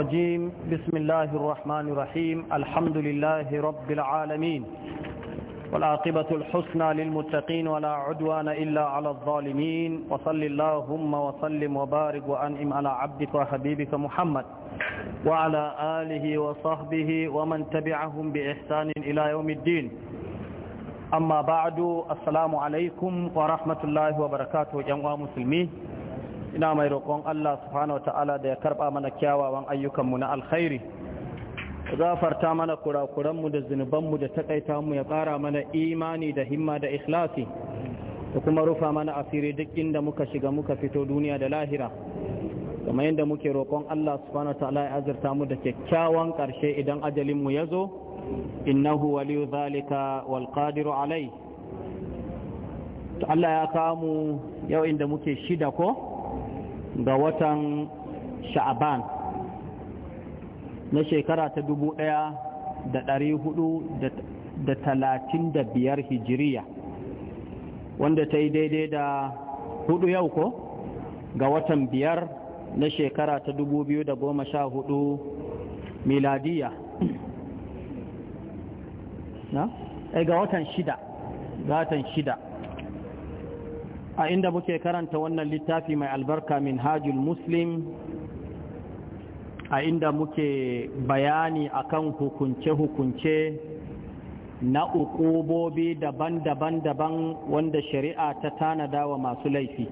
الرجيم بسم الله الرحمن الرحيم الحمد لله رب العالمين والعاقبة الحسنى للمتقين ولا عدوان إلا على الظالمين وصل اللهم وسلم وبارك وأنعم على عبدك وحبيبك محمد وعلى آله وصحبه ومن تبعهم بإحسان إلى يوم الدين أما بعد السلام عليكم ورحمة الله وبركاته جمع مسلمين ina mai roƙon Allah subhanahu ta'ala da ya karɓa mana kyawawan ayyukanmu na alkhairi zafarta mana kurakuranmu da zunubanmu da takaita mu ya ƙara mana imani da himma da ikhlasi da kuma rufa mana asiri duk inda muka shiga muka fito duniya da lahira kamar yadda muke roƙon Allah subhanahu ta'ala ya azurta mu da kyakkyawan ƙarshe idan ajalinmu ya zo innahu waliyu zalika wal qadiru alai Allah ya mu yau inda muke shida ko ga watan sha'aban na shekara ta dubu ɗaya da ɗari hudu da talatin da biyar hijiriya wanda ta yi daidai da hudu yau ko ga watan biyar na shekara ta dubu biyu da goma sha hudu miladiya eh, ga watan shida watan shida a inda muke karanta wannan littafi mai albarka min hajjul muslim a inda muke bayani akan hukunce-hukunce na ukubobi daban-daban daban wanda shari'a ta tanada wa masu laifi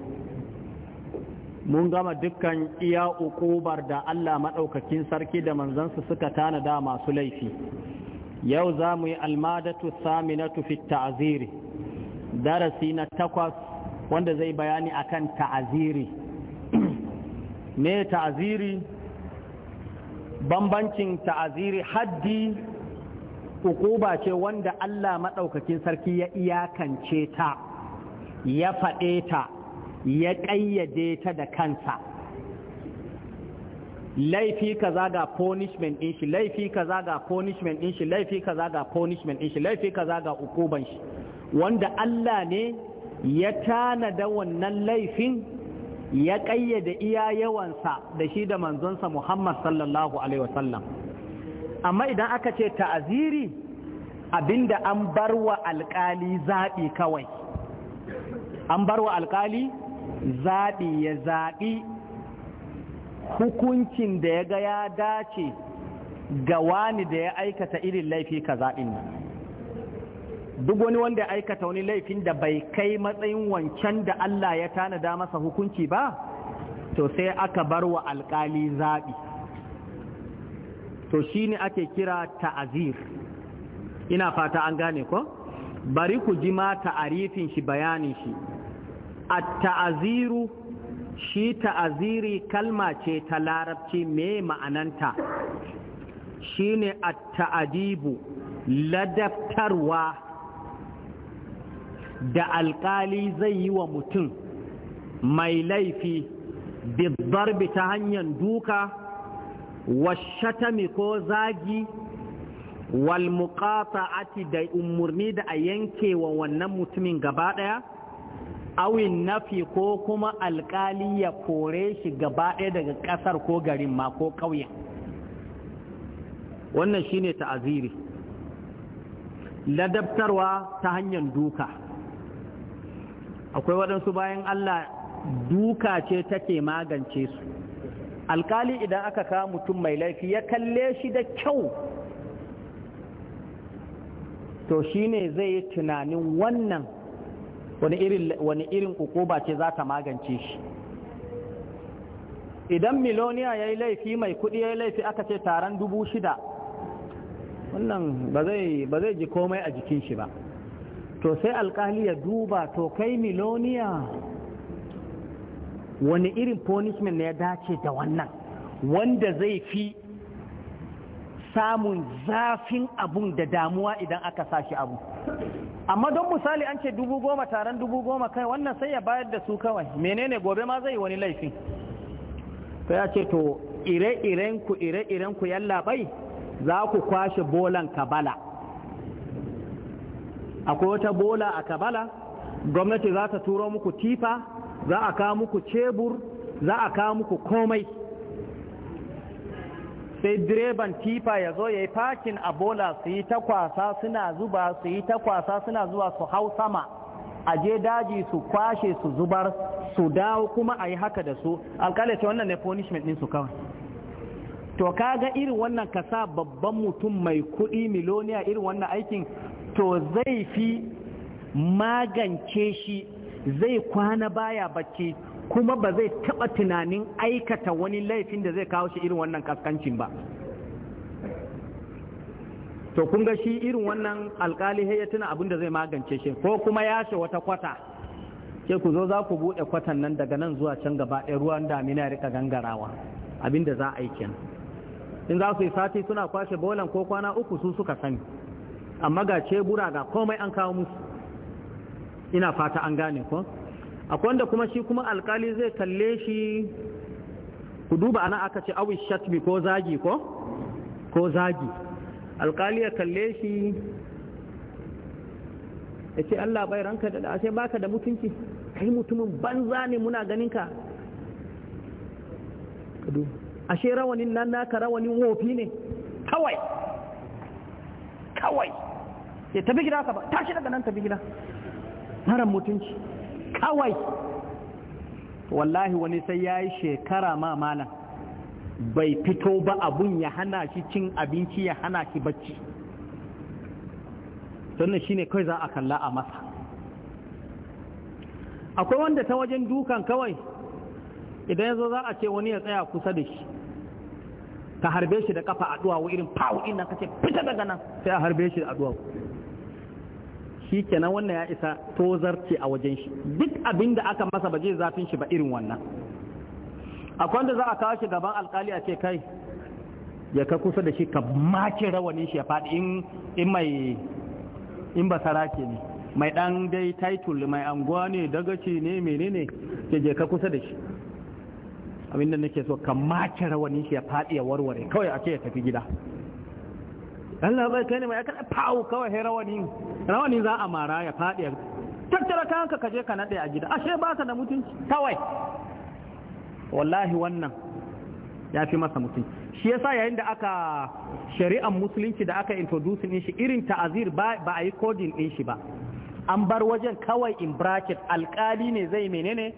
mun gama dukkan iya ukubar da Allah maɗaukakin sarki da manzansu suka tanada masu laifi yau za mu yi almadatu saminatu fi ta'ziri darasi na takwas wanda zai bayani akan ta'aziri me ta'aziri bambancin ta'aziri haddi ukuba ce wanda Allah maɗaukakin sarki ya iyakance ta ya faɗe ta ya ƙayyade ta da kansa laifi kaza ga punishment ɗin shi laifi kaza ga punishment ɗin shi laifi kaza ga punishment ɗin shi laifi kaza ga hukuban shi wanda Allah ne ya tana da wannan laifin ya ƙayyade iya yawansa da shi da manzonsa Muhammad sallallahu Alaihi wasallam. Amma idan aka ce ta'aziri abinda an bar wa alƙali zaɓi kawai. An bar wa alƙali zaɓi ya zaɓi hukuncin da ya ga ya dace ga wani da ya aikata irin laifi ka zaɓin nan. duk wani wanda ya aikata wani laifin da bai kai matsayin wancan da Allah ya tanada masa hukunci ba to sai aka bar wa alkali zaɓi to shi ne ake kira ta'azir ina fata an gane ko bari ku ji ma ta'arifin shi bayanin shi a ta'aziru shi ta'aziri kalma ce ta larabci me ma'ananta shi ne a ta'adibu ladaftarwa da alƙali zai yi wa mutum mai laifi bizarbi ta hanyar duka washatami ko zagi ati da umarni da a yanke wa wannan mutumin gaba ɗaya awin nafi ko kuma alƙali ya kore shi gaba ɗaya daga ƙasar ko garin ma ko ƙauyen wannan shine ta'aziri ladabtarwa ta hanyar duka akwai waɗansu bayan Allah duka ce take magance su alƙali idan aka kawo mutum mai laifi ya kalle shi da kyau to shi ne zai yi tunanin wannan wani irin wani ba ce za ta magance shi idan miloniya ya yi laifi mai kuɗi ya yi laifi aka ce taron dubu shida wannan ba zai ji komai a jikin shi ba to sai alkali ya duba to kai miloniya wani irin punishment ne ya dace da wannan wanda zai fi samun zafin abun da damuwa idan aka sashi abu amma don misali an ce dubu goma taron dubu goma kai wannan sai ya bayar da su kawai menene gobe ma zai wani laifin Ta ya ce to ire-irenku ire-irenku yallaɓai za ku kwashe bolan kabala akwai wata bola a kabala gwamnati za ta turo muku tifa za a kawo muku cebur za a kawo muku komai sai direban tifa ya zo ya yi fakin a bola su yi ta kwasa suna zuba su yi ta kwasa suna zuwa su hau sama a je daji su kwashe su zubar su dawo kuma a yi haka da su alƙalai ce wannan ne punishment ɗinsu kawai to kaga irin wannan kasa babban mutum mai kuɗi miloniya irin wannan aikin to zai fi magance shi zai kwana baya bacci kuma ba zai taba tunanin aikata wani laifin da zai kawo shi irin wannan kaskancin ba to kun ga shi irin wannan alkali ya tuna abin da zai magance shi ko kuma ya shi wata kwata ke ku zo za ku buɗe kwatan nan daga nan zuwa can gaba ɗaya ruwan damina rika gangarawa abin za a yi in za su yi sati suna kwashe bolan ko kwana uku su suka sani amma ga cebura ga komai an kawo musu ina fata an gane ko akwai wanda kuma shi kuma alkali zai kalle shi ku duba ana aka ce awi shatmi ko zagi ko ko zagi alkali ya kalle shi ya ce Allah bai ranka da ashe baka da mutunci kai mutumin banza ne muna ganin ka ashe rawanin nan naka rawanin wofi ne kawai kawai ya tafi gida ka ba tashi daga nan tafi gida mara mutunci kawai wallahi wani sai ya yi shekara ma malam bai fito ba abun ya hana shi cin abinci ya hana shi bacci sannan shi ne kai za a kalla a masa akwai wanda ta wajen dukan kawai idan ya zo za a ce wani ya tsaya kusa da shi ka harbe shi da kafa a duwawu irin fawo ina ka ce fita daga nan sai a harbe shi da a duwawu shi kenan wannan ya isa tozarci a wajen shi duk abin da aka masa ba zai zafin shi ba irin wannan akwai wanda za a kawo shi gaban alkali a ce kai ya ka kusa da shi ka mace rawanin shi ya faɗi in mai in ba sarake ne mai ɗan dai title mai anguwa ne dagaci ne menene ke je ka kusa da shi abinda nake so ka mace rawanin shi ya faɗi ya warware kawai a ce ya tafi gida Allah bai kai ne mai aka fawo kawai he rawani rawani za a mara ya fadi tattara kanka kaje ka naɗe a gida ashe baka da mutunci kawai wallahi wannan ya fi masa mutunci shi yasa yayin da aka shari'ar musulunci da aka introduce din shi irin ta'azir ba a yi coding din shi ba an bar wajen kawai in bracket alkali ne zai menene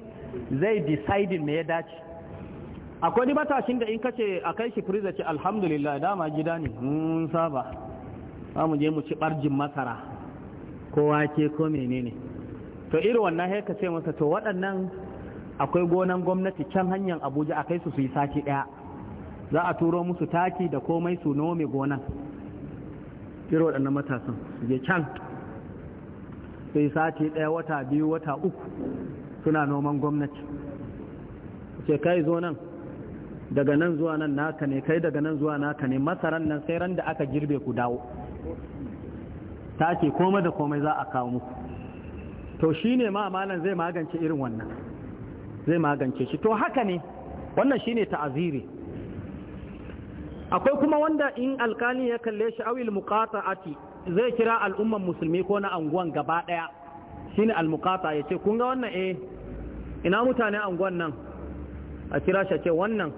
zai deciding me ya dace akwai matashin da in ka ce a kai shi firiza ce alhamdulillah dama gida ne mun saba za mu je mu ci barjin masara ko wake ko menene to irin wannan haika ce masa to waɗannan akwai gonan gwamnati can hanyar abuja a kai su su yi sati ɗaya za a turo musu taki da komai su nome gonan irin waɗannan matasan su je can su yi sati ɗaya wata biyu wata uku suna noman gwamnati ce kai zo nan daga nan zuwa nan naka ne kai daga nan zuwa naka ne masaran nan sai ran da aka girbe ku dawo ta ce komai da komai za a kawo muku to ne ma amalan zai magance irin wannan zai magance shi to haka ne wannan shi ne ta'aziri akwai kuma wanda in alkali ya kalle shi awil muqata'ati zai kira al'umman musulmi ko na anguwan gaba daya ne almuqata yace kun ga wannan eh ina mutane anguwan nan a kira shi ce wannan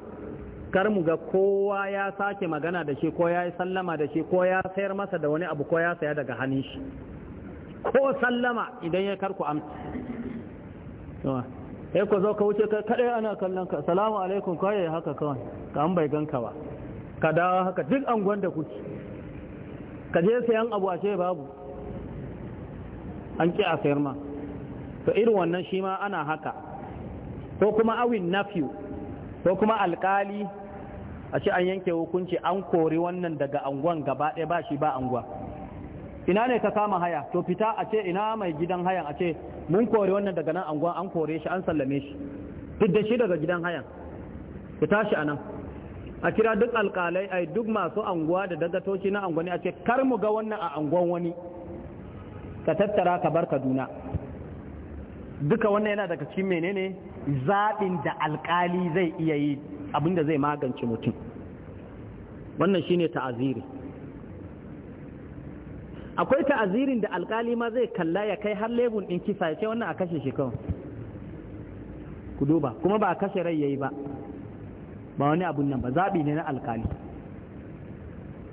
kar mu ga kowa ya sake magana da shi ko ya yi sallama da shi ko ya sayar masa da wani abu ko ya saya daga hannun shi ko sallama idan ya karku amsa ya ku zo ka wuce ka ana kallon ka salamu alaikum yi haka kawai ka an bai ganka ba ka dawo haka duk gwanda ku kuke ka je sayan abu ashe babu an ki a sayar ma to irin wannan shi ma ana haka ko kuma awin nafiyu ko kuma alkali a ce an yanke hukunci an kori wannan daga anguwan gaba ɗaya ba shi ba anguwa ina ne ka kama haya to fita a ce ina mai gidan hayan a ce mun kori wannan daga nan anguwan an kore shi an sallame shi duk da shi daga gidan hayan ku tashi a nan a kira duk alkalai ai duk masu anguwa da dagatoci na anguwani a ce kar mu ga wannan a anguwan wani ka tattara ka bar kaduna duka wannan yana daga cikin menene zaɓin da alƙali zai iya yi abinda zai magance mutum wannan shine ta'aziri akwai ta'azirin da alƙali ma zai kalla ya kai har lebun ɗin kisa ya ce wannan a kashe shi kawai ku duba kuma ba a kashe rai yayi ba ba wani abun nan ba zaɓi ne na alƙali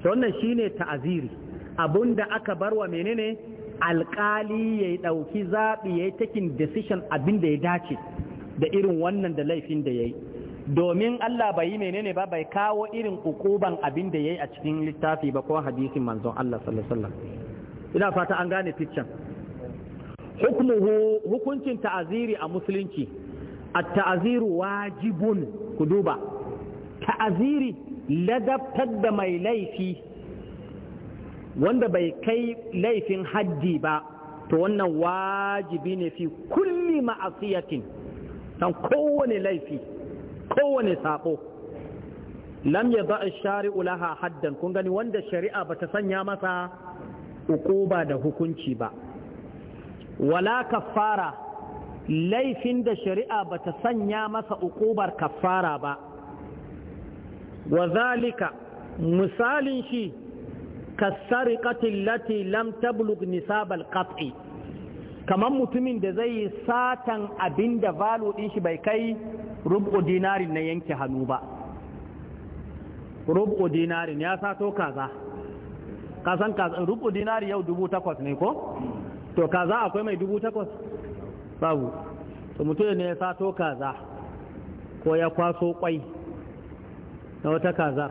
to wannan shine ta'aziri abun da aka barwa menene alƙali ya ɗauki zaɓi ya yi taking decision abin da ya dace da irin wannan da laifin da ya yi domin Allah bai yi menene ba bai kawo irin ukuban abin da ya yi a cikin littafi ba ko hadisin manzon Allah ina fata an gane ficcen hukumuhu hukuncin ta'aziri a musulunci a ta'aziru wajibun ku duba ta'aziri ladabtar da mai laifi wanda bai kai laifin haddi ba to wannan wajibi ne fi kulli ma'asiyatin dan kowane laifi kowane sako lam ya ba shari'u laha haddan kun gani wanda shari'a ba ta sanya masa ukuba da hukunci ba wala kafara laifin da shari'a ba ta sanya masa ukubar kaffara ba wa zalika misalin shi kasariƙatin lati lam tablug nisabal qat'i kamar mutumin da zai yi satan abin da valo ɗin shi bai kai rubu dinarin na yanke hannu ba rubu dinarin ya sato kaza kasan kaza rubu dinari yau dubu takwas ne ko to kaza akwai mai dubu takwas babu to mutum ne ya sato kaza ko ya kwaso kwai na wata kazar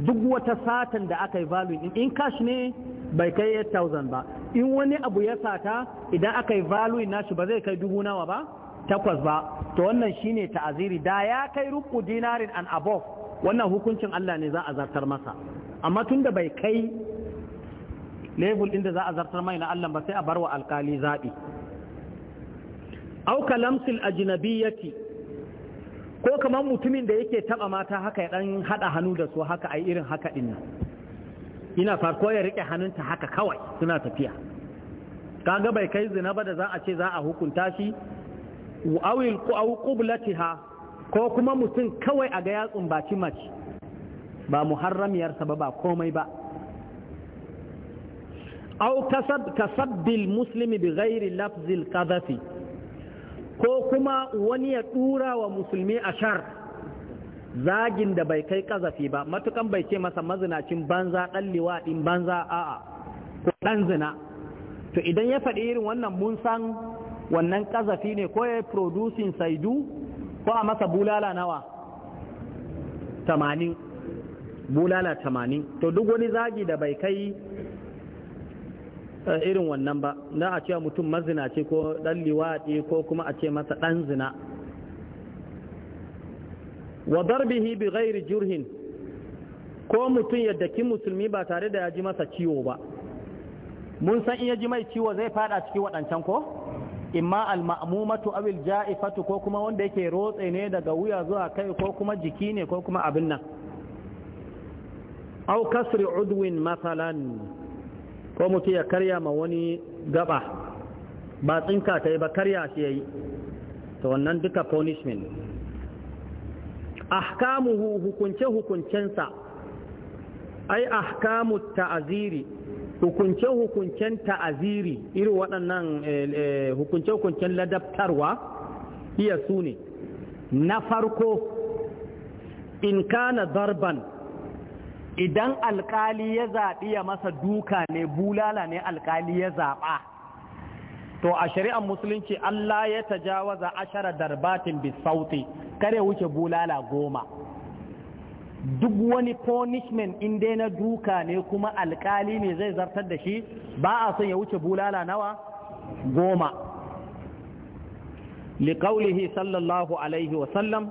duk wata satan da aka yi value in kashi ne bai kai 8000 ba in wani abu ya sata idan aka yi value nashi ba zai kai dubu nawa ba takwas ba to wannan shine ta'aziri da ya kai rubu dinarin an above wannan hukuncin Allah ne za a zartar masa amma tunda bai kai level din da za a zartar mai na Allah ba sai a bar wa alkali zabi auka kalamsil ajnabiyyati ko kamar mutumin da yake taba mata haka ya dan hada hannu da su haka ai irin haka din ina farko ya rike hannunta haka kawai suna tafiya kaga bai kai zina ba da za a ce za a hukunta shi awil aw qublatiha ko kuma mutum kawai a ga yatsun baci mace ba muharramiyar sa ba ba komai ba aw kasab kasabil muslimi bighairi lafzil qadhafi ko kuma wani ya dura wa musulmi ashar zagin da bai kai kazafi ba matukan bai ce masa mazinacin banza ɗan liwaɗin banza a'a ko ɗan zina to idan ya faɗi irin wannan mun san wannan kazafi ne ko ya producing saidu ko a masa bulala nawa tamanin bulala tamanin to duk wani zagi da bai kai eh, irin wannan ba na a ce mutum mazinaci ko ɗan liwaɗi ko kuma a ce masa ɗan zina wa darbihi bi ghairi jurhin ko mutum ya daki musulmi ba tare da ya ji masa ciwo ba mun san iya ji mai ciwo zai fada cikin waɗancan ko imma al-ma'mumatu awil ja'ifatu ko kuma wanda yake rotse ne daga wuya zuwa kai ko kuma jiki ne ko kuma abin nan aw kasri udwin masalan ko mutum ya karya ma wani gaba ba tsinka ta yi ba karya shi yayi to wannan duka punishment ahkamuhu hukunce hukuncensa ai ahkamu ta'aziri hukunce hukuncen ta'aziri irin waɗannan eh, eh, hukunce hukuncen ladabtarwa iya su na farko in kana darban idan alkali ya zaɓi ya masa duka ne bulala ne alkali ya zaɓa to a shari'ar musulunci Allah ya tajawaza ashara darbatin bisauti kare wuce bulala goma duk wani punishment in dai na duka ne kuma alkali ne zai zartar da shi ba a son ya wuce bulala nawa goma liƙaulihi sallallahu alaihi wasallam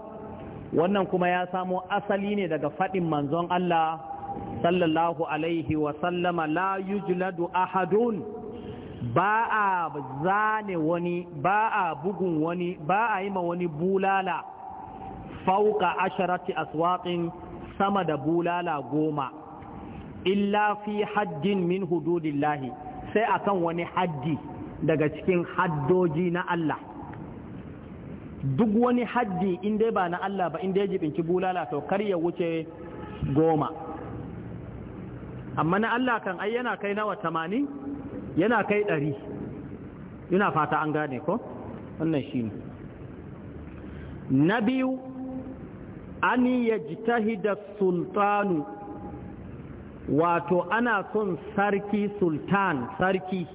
wannan kuma ya samo asali ne daga faɗin manzon Allah sallallahu alaihi wasallama la yujladu ahadun ba a zane wani ba a bugun wani ba a yi ma wani bulala fauka asharati aswaqin sama da bulala goma illa fi haddin min hududillahi sai akan wani haddi daga cikin haddoji na Allah duk wani haddi inda ba na Allah ba in dai jibinci bulala to kar ya wuce goma amma na Allah kan ayyana kai nawa tamanin yana kai ɗari yana fata an gane ko wannan shi ne na biyu an yi yajtahida sultanu wato ana son sarki sultan sarki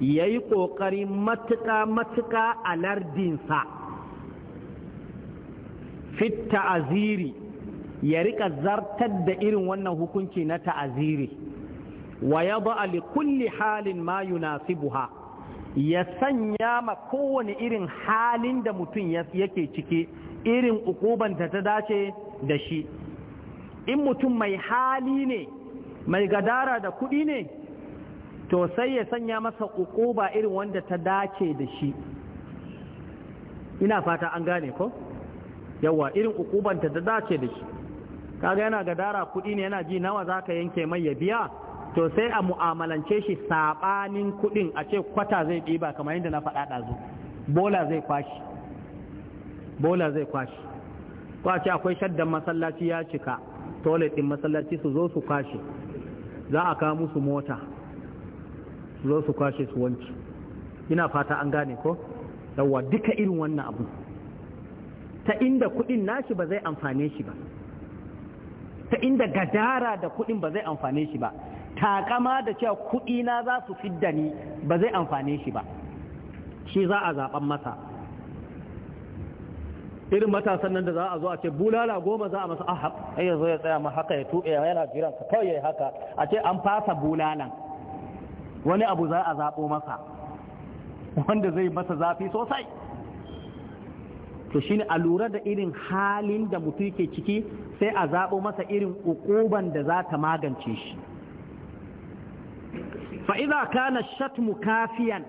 ya yi ƙoƙari matuƙa-matuƙa a lardinsa fit ta'aziri ya riƙa zartar da irin wannan hukunci na ta'aziri wa yadda li kulli halin ma yunasibuha ya sanya ma kowane irin halin da mutum yake ciki irin ukuban ta dace da shi in mutum mai hali ne mai gadara da kuɗi ne to sai ya sanya masa ukuba irin wanda ta dace da shi ina fata an gane ko yawa irin ukuban ta dace da shi kaga yana gadara kuɗi ne yana ji nawa zaka yanke mai ya biya to sai a mu'amalance shi saɓanin kuɗin a ce kwata zai ɗiba kamar yadda na faɗa ɗazu bola zai kwashi bola zai kwashi ko a ce akwai shaddan masallaci ya cika toilet ɗin masallaci su zo su kwashe za a kawo musu mota su zo su kwashe su wanci ina fata an gane ko yawwa duka irin wannan abu ta inda kuɗin nashi ba zai amfane shi ba ta inda gadara da kuɗin ba zai amfane shi ba takama da cewa kuɗi na za su fidda ni ba zai amfane shi ba shi za a zaɓen masa irin matasan nan da za a zo a ce bulala goma za a masu ahab ai zo ya tsaya ma haka ya tuɓe yana jiran ka kawai ya haka a ce an fasa bulalan wani abu za a zaɓo masa wanda zai masa zafi sosai to ne a lura da irin halin da mutum ke ciki sai a zaɓo masa irin ukuban da za ta magance shi fa'iza kana shatmu kafiyan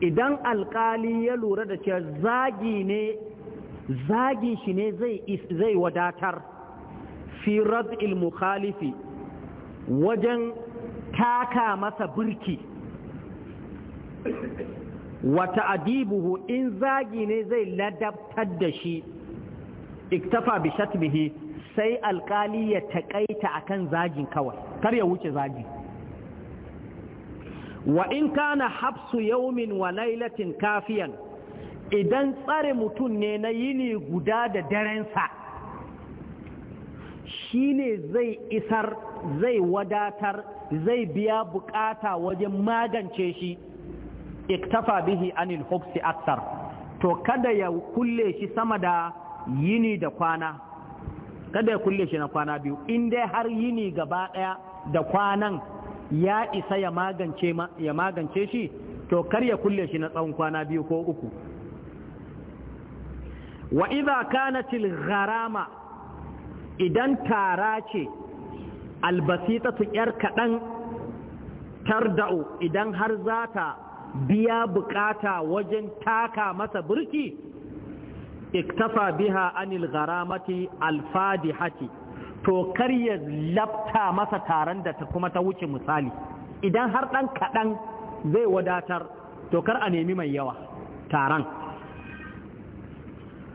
idan alkali ya lura da cewa zagi ne zagin shi ne zai wadatar fi rad'il mukhalifi wajen taka masa birki wata adibuhu in zagi ne zai ladabtar da shi iktafa bi shatmihi sai alkali ya taƙaita akan zagin kawai kar ya wuce zagi wa in kana habsu yaumin wa lailatin kafiyan idan tsare mutum ne na yini guda da darensa shi ne zai isar zai wadatar zai biya bukata wajen magance shi iktafa bihi anil hubsi aksar to kada ya kulle shi sama da yini da kwana kada ya kulle shi na kwana biyu in dai har yini gaba daya da kwanan ya isa ya magance ya magance shi to kar ya kulle shi na tsawon kwana biyu ko uku wa iza kanatil gharama idan tara ce albasita tu yar kadan tarda'u idan har zata biya bukata wajen taka masa burki iktafa biha anil gharamati alfadihati to kar ya labta masa taron da ta kuma ta wuce misali idan har ɗan kaɗan zai wadatar to kar a nemi mai yawa taron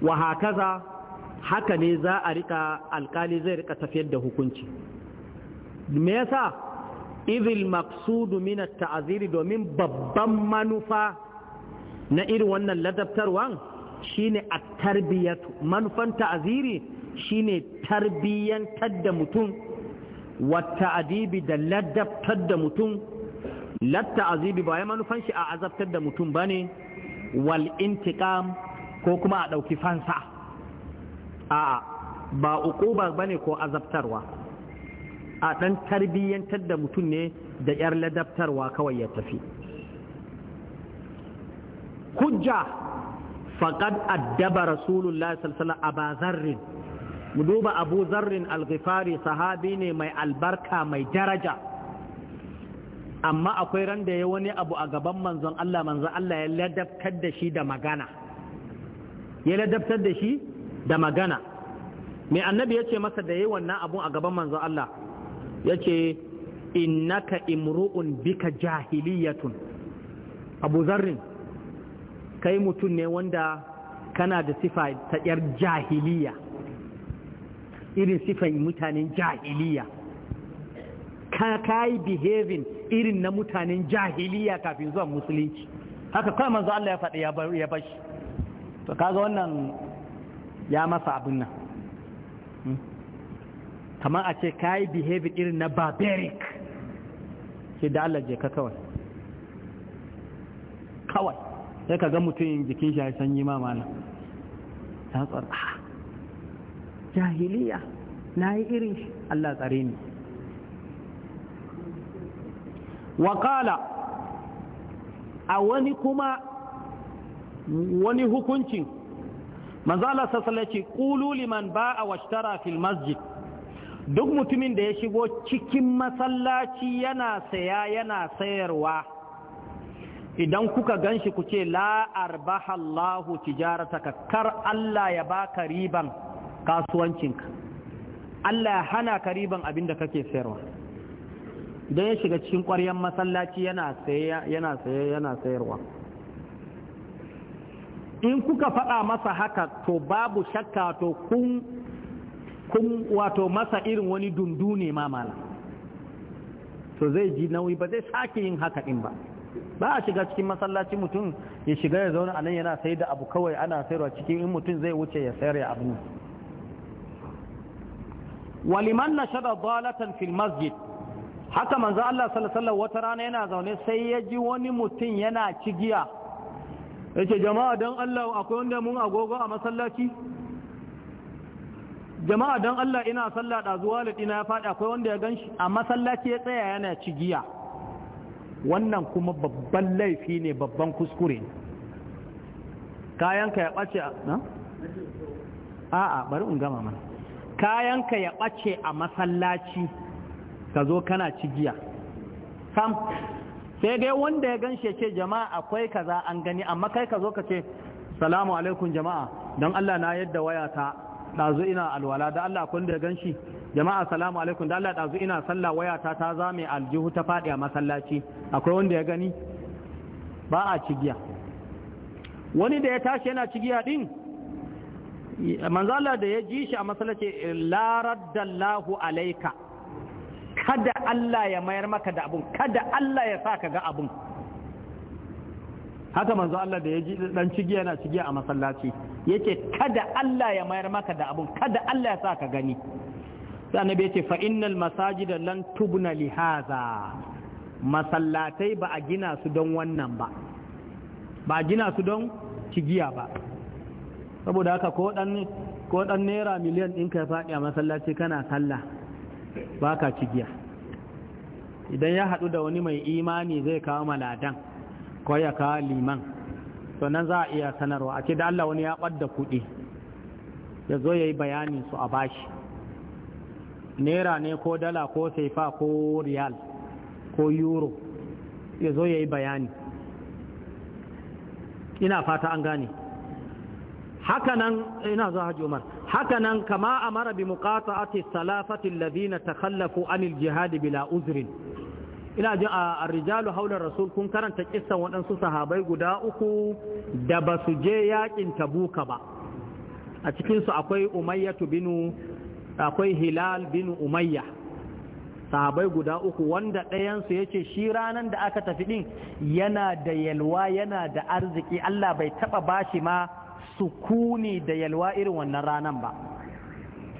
wa hakaza haka ne za a rika alkali zai rika tafiyar da hukunci me yasa izil maqsudu min at-ta'ziri domin babban manufa na irin wannan ladabtarwan shine at-tarbiyatu manufan ta'ziri shine tarbiyyantar da mutum wa ta'adibi da ladabtar da mutum latta azibi ba ya manufan shi a azabtar da mutum ba ne wal intiqam ko kuma a ɗauki fansa a ba uƙuba ba ne ko azabtarwa a ɗan tarbiyyantar da mutum ne da ‘yar ladabtarwa kawai ya tafi hujja faƙad addaba rasulullah sallallahu alaihi wasallam a bazarrin mu duba abu zarrin alghifari sahabi ne mai albarka mai daraja amma akwai ran da ya wani abu a gaban manzon Allah manzon Allah ya ladabtar da shi da magana ya ladabtar da shi da magana mai annabi ya ce masa da yi wannan abu a gaban manzon Allah ya ce innaka imru'un bika jahiliyatun abu zarrin kai mutum ne wanda kana da sifa ta yar jahiliya irin sifan mutanen jahiliya ka kai behaving irin na mutanen jahiliya kafin zuwa musulunci haka kawai manzo Allah ya faɗi ya bashi to kaga wannan ya masa abin nan hmm? kamar a ce ka yi irin na barbaric ce da Allah je ka kawai kawai sai ka ga mutum jikin shi ya sanyi ma mana ta tsara ah. jahiliya na yi irin shi Allah tsare ni waƙala a wani kuma wani hukuncin manzala sassala ce ƙululi man ba a washtara fil masjid duk mutumin da ya shigo cikin masallaci yana saya yana sayarwa idan kuka ganshi ku ce la Allahu tijarataka kar Allah ya baka riban kasuwancinka Allah Ya hana ka riban abin da kake sayarwa don ya shiga cikin ƙwaryen masallaci yana saye yana sayarwa in kuka faɗa masa haka to babu shakka to kun kun wato masa irin wani dundu ne mamala to zai ji nauyi ba zai sake yin haka ɗin ba ba a shiga cikin masallaci mutum ya shiga ya zauna a nan yana sai da abu kawai ana sayarwa cikin in mutum zai wuce ya sayar ya abu waliman na shaɗa balatan fil masjid haka manzo Allah sallallahu wata rana yana zaune sai ya ji wani mutum yana cigiya yace jama'a dan Allah akwai wanda mun agogo a masallaci jama'a dan Allah ina sallah da zuwa ladina ya faɗi akwai wanda ya ganshi a masallaci ya tsaya yana cigiya wannan kuma babban laifi ne babban kuskure kayanka ya ɓace a a'a bari in gama mana kayanka ya ɓace a masallaci ka zo kana cigiya sam sai dai wanda ya ganshe ce jama'a akwai kaza an gani amma kai ka zo ka ce salamu alaikum jama'a don Allah na yadda waya ta ɗazu ina alwala da Allah kun da ganshi jama'a salamu alaikum da Allah ɗazu ina sallah waya ta ta zame aljihu ta faɗi a masallaci akwai wanda ya gani ba a cigiya wani da ya tashi yana cigiya ɗin manzala da ya ji shi a ce laradallahu alaika kada Allah ya mayar maka da abun kada Allah ya sa ka ga abun haka manzo Allah da ya ji dan cigiya yana cigiya a masallaci yake kada Allah ya mayar maka da abun kada Allah ya sa ka gani sai annabi yace fa innal masajida lan tubna li hadha masallatai ba a gina su don wannan ba ba a gina su don cigiya ba saboda haka ko dan naira miliyan ɗinka ya faɗi a masallaci kana sallah baka ka cigiya idan ya haɗu da wani mai imani zai kawo maladan ko ya kawo liman sannan za a iya sanarwa a ce da Allah wani ya ɓadda kuɗi ya zo ya yi su a bashi naira ne ko dala ko saifa ko riyal ko euro ya zo ya yi bayani ina fata an gane hakanan eh, ina za haji hakanan kama amara bi muqata'ati salafati alladhina takhallafu anil jihadi bila uzrin ina ji a rijalu haular rasul kun karanta kisan waɗansu sahabai guda uku da ba su je yakin tabuka ba a cikinsu akwai umayyatu binu akwai hilal binu umayya sahabai guda uku wanda ɗayansu ya ce shi ranar da aka tafi ɗin yana da yalwa yana da arziki allah bai taɓa bashi ma sukuni da yalwa irin wannan ranan ba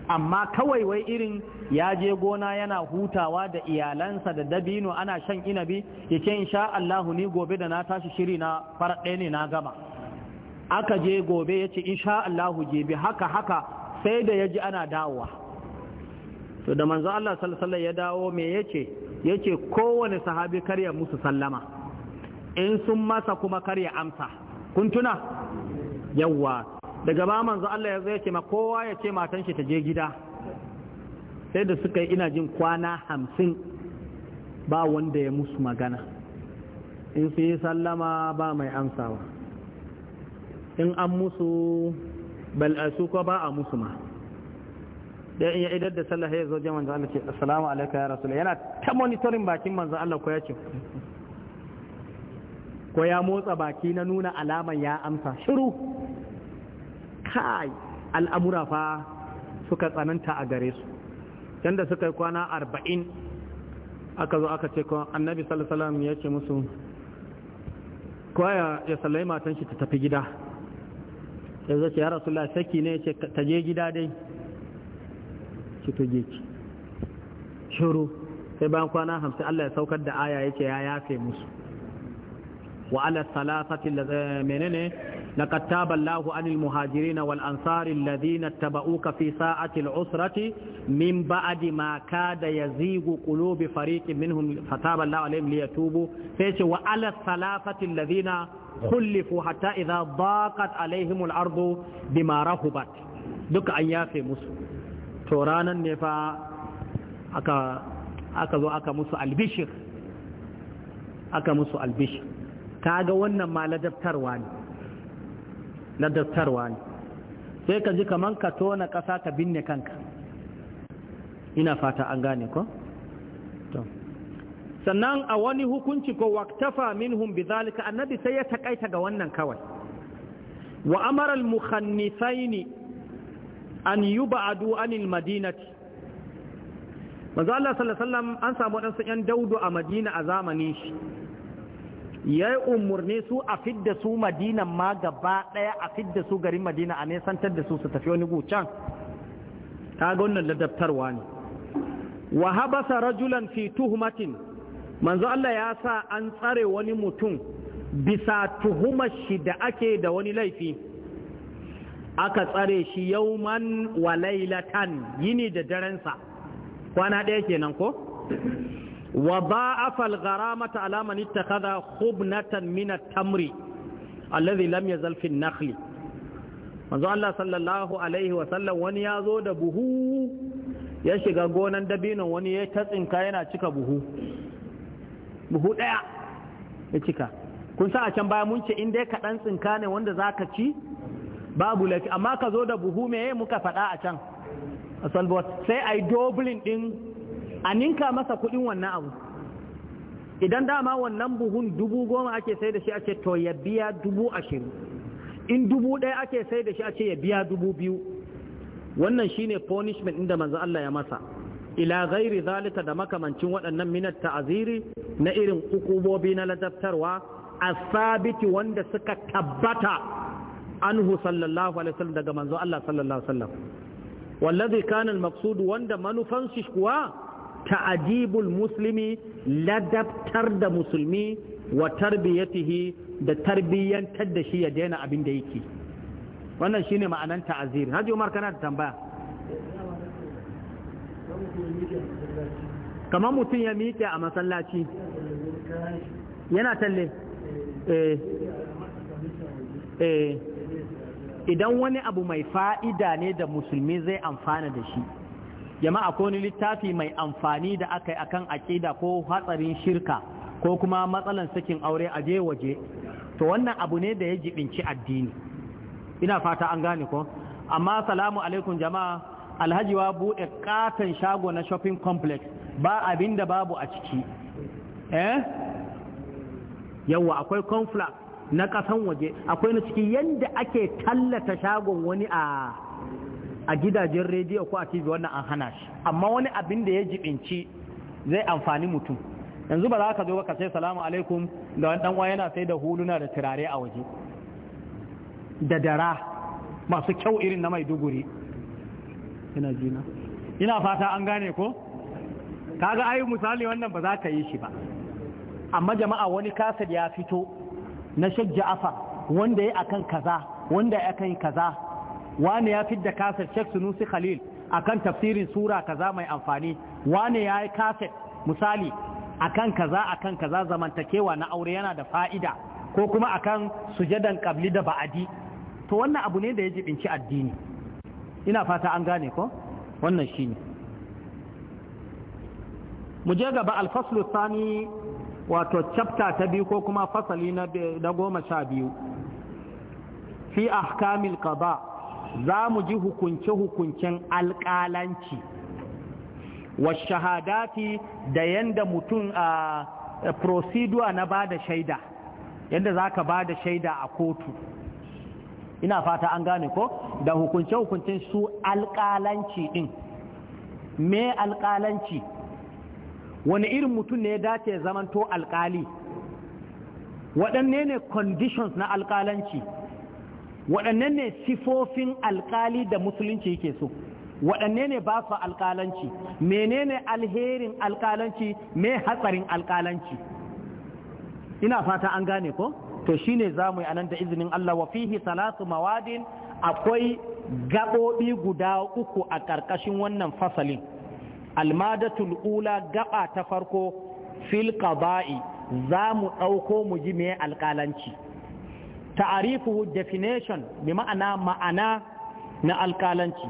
amma kawai wai irin ya je gona yana hutawa da iyalansa da dabino ana shan inabi yake ce insha Allahu ni gobe da na tashi shiri na farɗe ne na gama aka je gobe ya ce insha Allahu bi haka haka sai da ya ji ana dawowa to da manzo Allah sallallahu ya dawo me yace yace kowane sahabi karya musu sallama in sun masa kuma karya amsa kun tuna yawwa daga ba manzo Allah ya zo ce ma kowa ya ce matan shi ta je gida sai da suka yi ina jin kwana hamsin ba wanda ya musu magana in su yi sallama ba mai amsawa in an musu bal'asu eh, ko ba a musu ma da in ya idar da sallah ya zo jan manzo Allah ce assalamu alaikum ya rasul yana ta monitoring bakin manzo Allah ko ya ce ko ya motsa baki na nuna alaman ya amsa shiru kai al'amura fa suka tsananta a gare su yanda suka yi kwana arba'in aka zo aka ce kwan annabi salasalam ya ce musu kwaya ya sallai matan shi ta tafi gida ya zo ce ya rasulullah saki ne ya ce ta je gida dai ci tuge ki shiru sai bayan kwana hamsin Allah ya saukar da aya ya ce ya yafe musu وعلى الثلاثة منين لقد تاب الله عن المهاجرين والأنصار الذين اتبعوك في ساعة العسرة من بعد ما كاد يزيغ قلوب فريق منهم فتاب الله عليهم ليتوبوا فيش وعلى الثلاثة الذين خلفوا حتى إذا ضاقت عليهم الأرض بما رهبت دك أن يافي مسلم تورانا نفا أكا أكا أكا مسو البشر أكا مسو البشر Ka ga wannan ma ladabtarwa ne ladabtarwa ne sai ka ji kaman ka tona ƙasa ka binne kanka ina fata an gane ko sannan a wani hukunci ko waktafa minhum bidhalika annabi sai ya takaita ga wannan kawai wa amara al-mukhannisaini an yub'adu anil madinati manzo Allah sallallahu alaihi wasallam an samu wadansu yan daudu a Madina a zamanin shi ya yi umarni su a fidda su madina ma gaba ɗaya a fidda su garin madina a nesantar da su su tafi wani gucan ta ga wannan ladabtarwa ne wa habasa rajulan fi tuhumatin manzo Allah ya sa an tsare wani mutum bisa tuhumar shi da ake da wani laifi aka tsare shi yauman wa laylatan yini da daren sa. kwana ɗaya kenan ko wa ba'afa al-gharamata ala man ittakhadha kada hubnatan mina tamri allazi lam ya fi nakhli manzo Allah sallallahu alaihi wa sallam wani ya zo da buhu ya shiga gonan dabinon wani ya tatsinka yana cika buhu buhu daya ya cika kun sa a can baya mun ce in dai kaɗan tsinka ne wanda za ka ci babu laifi amma ka zo da buhu me muka faɗa a can a sai ai yi din ɗin a ninka masa kuɗin wannan abu idan dama wannan buhun dubu goma ake sai da shi a ce to ya biya dubu ashirin in dubu ɗaya ake sai da shi a ce ya biya dubu biyu wannan shi ne punishment inda manzo Allah ya masa ila ghairi zalika da makamancin waɗannan minat ta'ziri na irin ukubobi na ladabtarwa a sabiti wanda suka tabbata anhu sallallahu alaihi wasallam daga manzo Allah sallallahu alaihi wasallam wallazi kana al-maqsud wanda manufan shi kuwa ta'adibul muslimi ladabtar da musulmi wa tarbiyatihi da tarbiyyantar da shi ya daina abin da yake wannan shine ma'anan ta'azir haji umar kana da tambaya kamar mutum ya miƙe a masallaci yana talle eh. Eh. idan wani abu mai fa'ida ne da musulmi zai amfana da shi jama'a ko ni littafi mai amfani da aka yi akan aƙida ko hatsarin shirka ko kuma matsalan sakin aure a je waje to wannan abu ne da ya jibinci addini ina fata an gane ko amma salamu alaikum jama'a alhaji wa buɗe katon shago na shopping complex ba abin babu a ciki eh yawa akwai conflux na ƙasan waje akwai na ciki yadda ake tallata shagon wani a a gidajen rediyo ko a tv wannan an hana shi amma wani abin da ya jibinci zai amfani mutum yanzu ba za ka zo ka sai salamu alaikum da wani dan yana sai da huluna da turare a waje da dara masu kyau irin na mai duguri ina jina ina fata an gane ko kaga ayi misali wannan ba za ka yi shi ba amma jama'a wani kasar ya fito na shajja afa wanda ya akan kaza wanda ya akan kaza wane ya fi fidda kaset Sheikh Sunusi Khalil a kan tafsirin sura kaza mai amfani wane ya yi kaset misali a kan kaza kan kaza zamantakewa na aure yana da fa'ida ko kuma a kan sujadan qabli da ba'adi to wannan abu ne da ya jibinci addini ina fata an gane ko wannan ne mu je gaba alfaslu sani wato chapter ta biyu ko kuma fasali na goma sha biyu fi ahkamil qada za mu ji hukunce-hukuncen alƙalanci wa shahadati da yanda mutum a procedure na ba da shaida yanda za ka ba da shaida a kotu ina fata an gane ko da hukunce-hukuncen su alƙalanci ɗin me alƙalanci wani irin mutum ne ya dace zamanto alƙali waɗanne ne conditions na alƙalanci waɗannan ne sifofin alƙali da musulunci yake so waɗanne ne ba su alƙalanci menene alherin alƙalanci me hatsarin alƙalanci ina fata an gane ko to shine za mu yi anan da izinin Allah wa fihi salatu mawadin akwai gaɓoɓi guda uku a ƙarƙashin wannan fasalin almadatul ula gaɓa ta farko fil qada'i za mu ɗauko mu ji me alƙalanci ta'arifuhu definition bi ma'ana ma'ana na alkalanci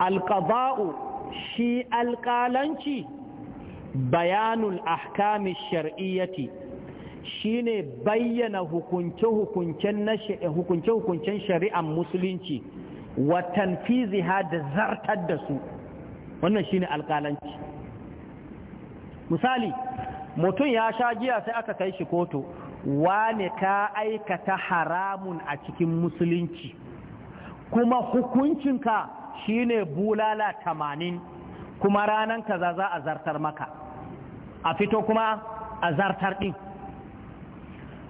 Alkaba'u shi alkalanci bayanul ahkami shar'iyyati shine bayyana eh, hukunce-hukuncen shari'ar musulunci wa tanfiziha da zartar da su wannan shine alkalanci misali mutum ya sha giya sai aka kai shi kotu wane ka aikata haramun a cikin musulunci kuma hukuncinka shine bulala tamanin kuma ranan kaza za a zartar maka a fito kuma a zartar ɗin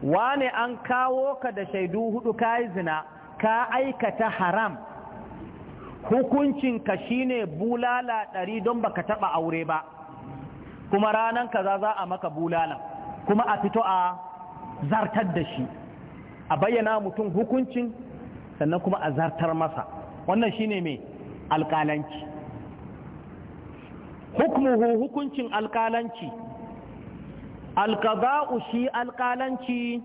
wane an kawo ka da shaidu hudu ka yi zina ka aikata haram hukuncinka shine bulala ɗari don baka taɓa aure ba kuma ranan kaza za a maka bulala kuma a fito a zartar da shi a bayyana mutum hukuncin sannan kuma a zartar masa wannan shi ne mai alƙalanci hukumuhu hukuncin alƙalanci alƙaba'u shi alƙalanci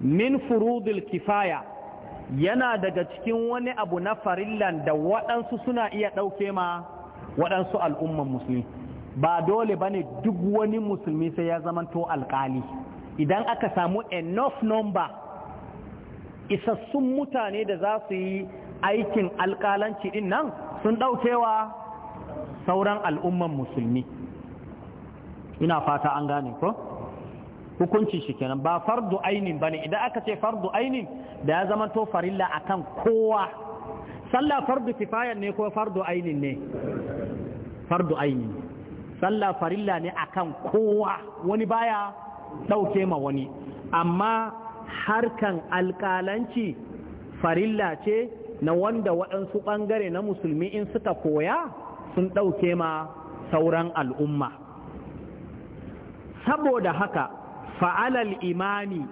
min furudul kifaya yana daga cikin wani abu na farillan da waɗansu suna iya ɗauke ma waɗansu al'umman musulmi ba dole ba ne duk wani musulmi sai ya zamanto alƙali idan aka samu enough number isassun mutane da za su yi aikin alkalanci din nan sun daukewa sauran al'umman musulmi ina fata an gane ko hukunci shi kenan ba fardu ainin bane idan aka ce fardu ainin da ya zama to farilla akan kowa sallah fardu kifayar ne ko fardu ainin ne fardu ainin sallah farilla ne akan kowa wani baya ɗauke ma wani amma harkan alƙalanci farilla ce na wanda waɗansu ɓangare na musulmi in suka koya sun ɗauke ma sauran al'umma saboda haka fa'alal imani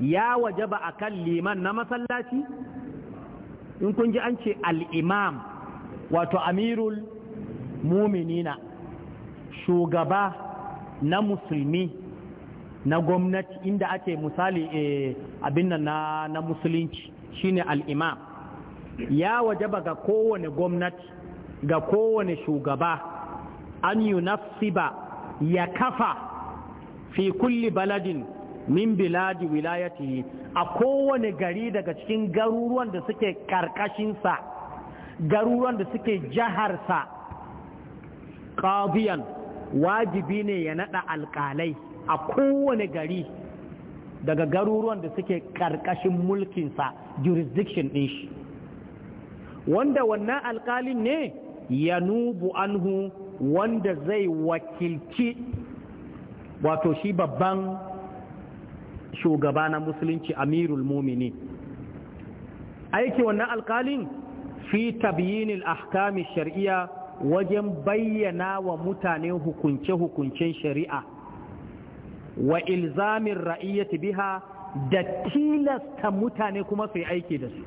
ya waje ba a kan liman na masallaci in kun ji an ce al'imam wato amirul muminina shugaba na musulmi na gwamnati inda ake misali eh, abin nan na, Musulunci musulunci shine al'imam ya wajaba ga kowane gwamnati ga kowane shugaba an yi nafsi ba ya kafa fi kulli baladin min biladi wilayati a kowane gari daga cikin garuruwan da suke karkashinsa garuruwan da suke jiharsa ƙabiyan wajibi ne ya naɗa alƙalai a kowane gari daga garuruwan da suke karkashin mulkinsa jurisdiction ɗin shi wanda wannan alkalin ne ya nubu anhu wanda zai wakilci wato shi babban shugaba na musulunci amirul mumini aiki wannan alkalin fi tabyinil ahkamin shari'a wajen bayyana wa mutane hukunce-hukuncen shari'a wa ilzamin ra'iyyati biha da tilasta mutane kuma su yi aiki da su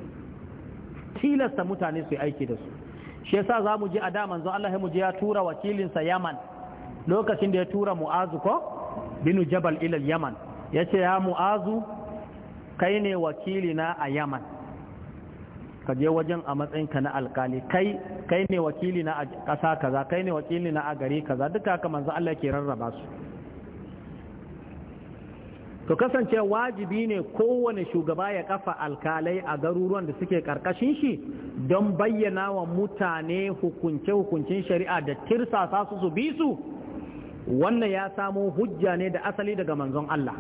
tilasta mutane su yi aiki da su shi yasa za mu ji a daman zo Allah mu ji ya tura wakilinsa Yaman lokacin da ya tura Mu'azu ko binu Jabal ila Yaman ce ya Mu'azu kai ne wakilina a Yaman ka je wajen a matsayinka na alkali kai kai ne wakilina a ƙasa kaza kai ne wakilina a gari kaza duka haka manzo Allah ke rarraba su to kasance wajibi ne kowane shugaba ya kafa alkalai a garuruwan da suke karkashin shi don bayyana wa mutane hukunce-hukuncin shari'a da tirsasa su su bi su wannan ya samo hujja ne da asali daga manzon Allah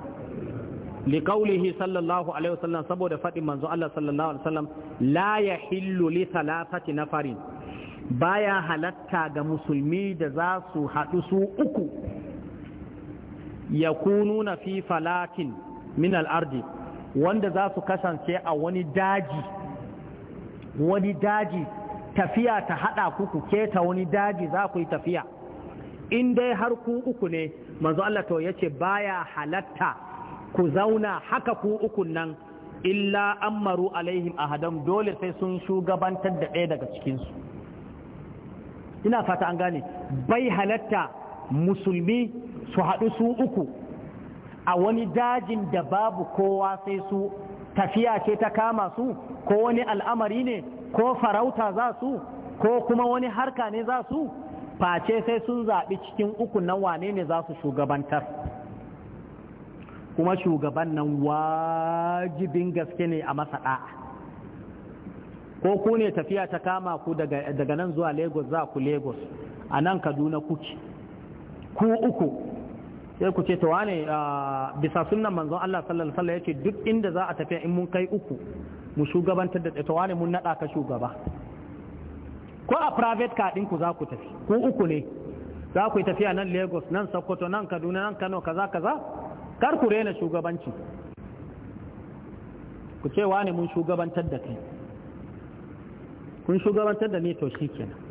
liƙaulihi sallallahu alaihi wasallam saboda faɗin manzon Allah sallallahu alaihi wasallam la ya hillu li salatati nafarin baya halatta ga musulmi da za su haɗu su uku Ya yakununa fi falakin min al'ardi wanda za su kasance a wani daji wani daji tafiya ta hada kuku ke ta wani daji za ku yi tafiya in dai har ku uku ne manzo Allah to yace baya halatta ku zauna haka ku ukun nan illa maru alaihim ahadam dole sai sun shugabantar da ɗaya daga cikinsu ina fata an gane bai halatta musulmi su haɗu su uku a wani dajin da babu kowa sai su tafiya ce ta kama su ko wani al'amari ne ko farauta za su ko kuma wani harka ne za su face sai sun zaɓi cikin uku nan wane ne za su shugabantar kuma shugaban nan wajibin gaske ne a masa ɗa'a ko ku ne tafiya ta kama ku daga nan zuwa lagos za ku lagos a nan kaduna kuke ku uku sai ku ce ta wane bisa sunan manzon Allah sallallahu alaihi wasallam yace duk inda za a tafiya in mun kai uku mu shugabantar da ta wane mun nada ka shugaba ko a private car din ku za ku tafi ku uku ne za ku tafi tafiya nan Lagos nan Sokoto nan Kaduna nan Kano kaza kaza kar ku rena shugabanci ku ce wane mun shugabantar da kai kun shugabantar da ni to shikenan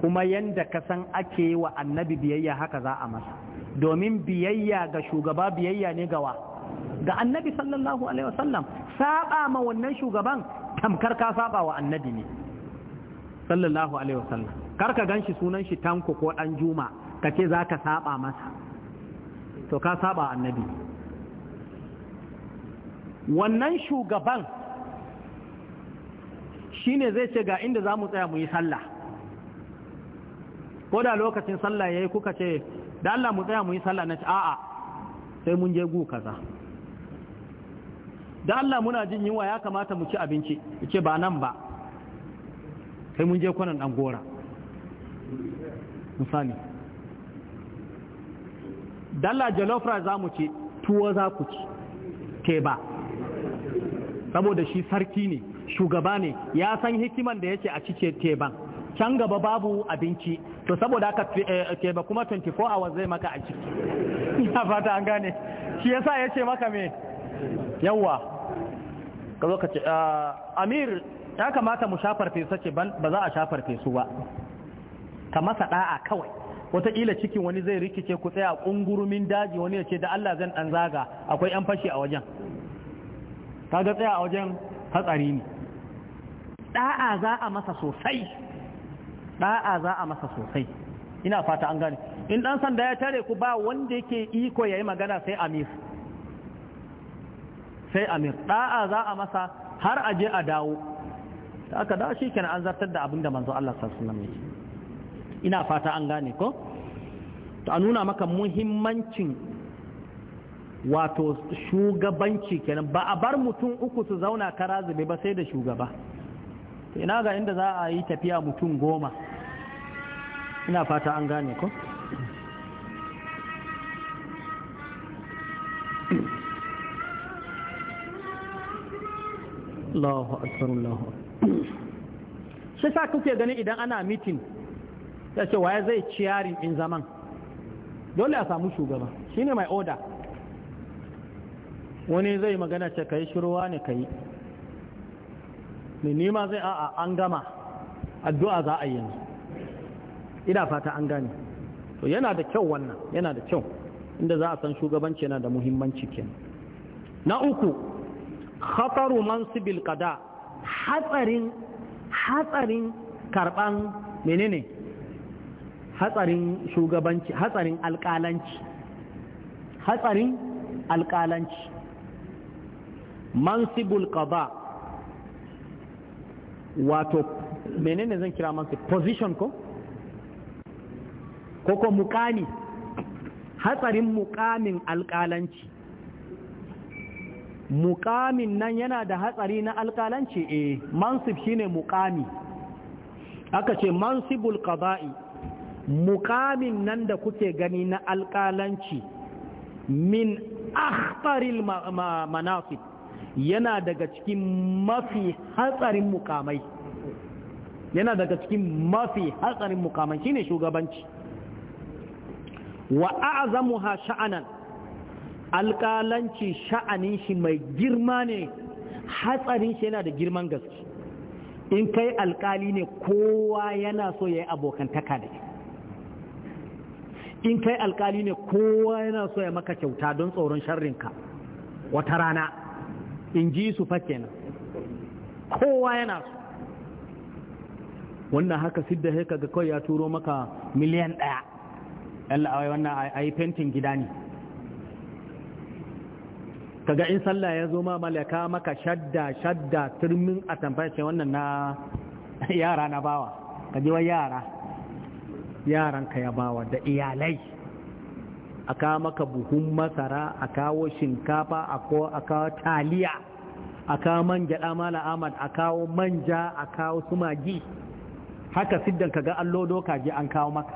kuma yanda ka san ake wa annabi biyayya haka za a masa domin biyayya ga shugaba biyayya ne gawa ga annabi sallallahu alaihi wasallam saba ma wannan shugaban tamkar ka saba wa annabi ne sallallahu alaihi wasallam kar ka ganshi sunan shi tanko ko dan juma kace za ka saba masa to ka saba annabi wannan shugaban shine zai ce ga inda zamu tsaya mu yi sallah ko da lokacin sallah yayi kuka ce da Allah mu tsaya mu yi sallah na ce a'a sai mun je guka za da Allah muna jin yunwa ya kamata mu ci abinci ce ba nan ba sai mun je kwanan dan gora misali da Allah jollof rice za mu ci tuwo za ku ci ke ba saboda shi sarki ne shugaba ne ya san hikiman da yake a cike teban can gaba babu abinci to saboda eh, ke ba kuma 24 hours zai maka a ciki ina fata an gane shi yasa ya ce maka me yawa ka zo ka ce ah, amir ya kamata mu shafar fesu ce ba za a shafar fesu ba ka masa da'a kawai wataƙila cikin wani zai rikice ku tsaya ƙungurumin daji wani ya ce da Allah zan ɗan zaga akwai 'yan fashi a wajen kaga tsaya a wajen hatsari ne da'a za a masa sosai da'a za a masa sosai ina fata an gane in dan sanda ya tare ku ba wanda yake iko yayi magana sai amir sai amir da'a za a masa har a je a dawo da aka dawo shikenan an zartar da abinda manzo Allah sallallahu alaihi wasallam ina fata an gane ko to a nuna maka muhimmancin wato shugabanci kenan ba a bar mutum uku su zauna karazube ba sai da shugaba ina ga inda za a yi tafiya mutum goma ina fata an gane ko Allahu akbar Allahu shi sa kuke gani idan ana mitin ta ce waye zai ciyarin in zaman dole a samu shugaba shine mai oda wani zai magana ce kai shiruwa ne kai ne nima zai a'a an gama addu'a za a yanzu ina fata an gane to yana da kyau wannan yana da kyau inda za a san shugabanci yana da muhimmanci kenan na uku khataru mansibil qada hatsarin hatsarin karban menene hatsarin shugabanci hatsarin alƙalanci hatsarin alƙalanci mansibul qada wato menene zan kira mansib position ko ko ko mukami hatsarin mukamin alƙalanci mukamin nan yana da hatsari na alƙalanci eh mansib shine mukami aka ce mansibul qada'i mukamin nan da kuke gani na alƙalanci min akhtaril manasib yana daga cikin mafi hatsarin mukamai yana daga cikin mafi hatsarin mukamai shine shugabanci wa a'zamuha sha'anan alƙalanci sha'anin shi mai girma ne hatsarin shi yana da girman gaske in kai alƙali ne kowa yana so ya yi abokantaka da in kai alƙali ne kowa yana so ya maka kyauta don tsoron sharrinka wata rana in ji su fa kenan kowa yana so wannan haka sidda haka ga kawai ya turo maka miliyan ɗaya Allah wannan a yi fentin gida ne kaga in sallah ya zo ma malaka maka shadda shadda turmin a tamfashe wannan na yara na bawa kaji wa yara ka ya bawa da iyalai a kawo maka buhun masara a kawo shinkafa a kawo taliya a kawo man gyaɗa mala ahmad a kawo manja a kawo sumagi haka siddan ka ga allodo kaji an kawo maka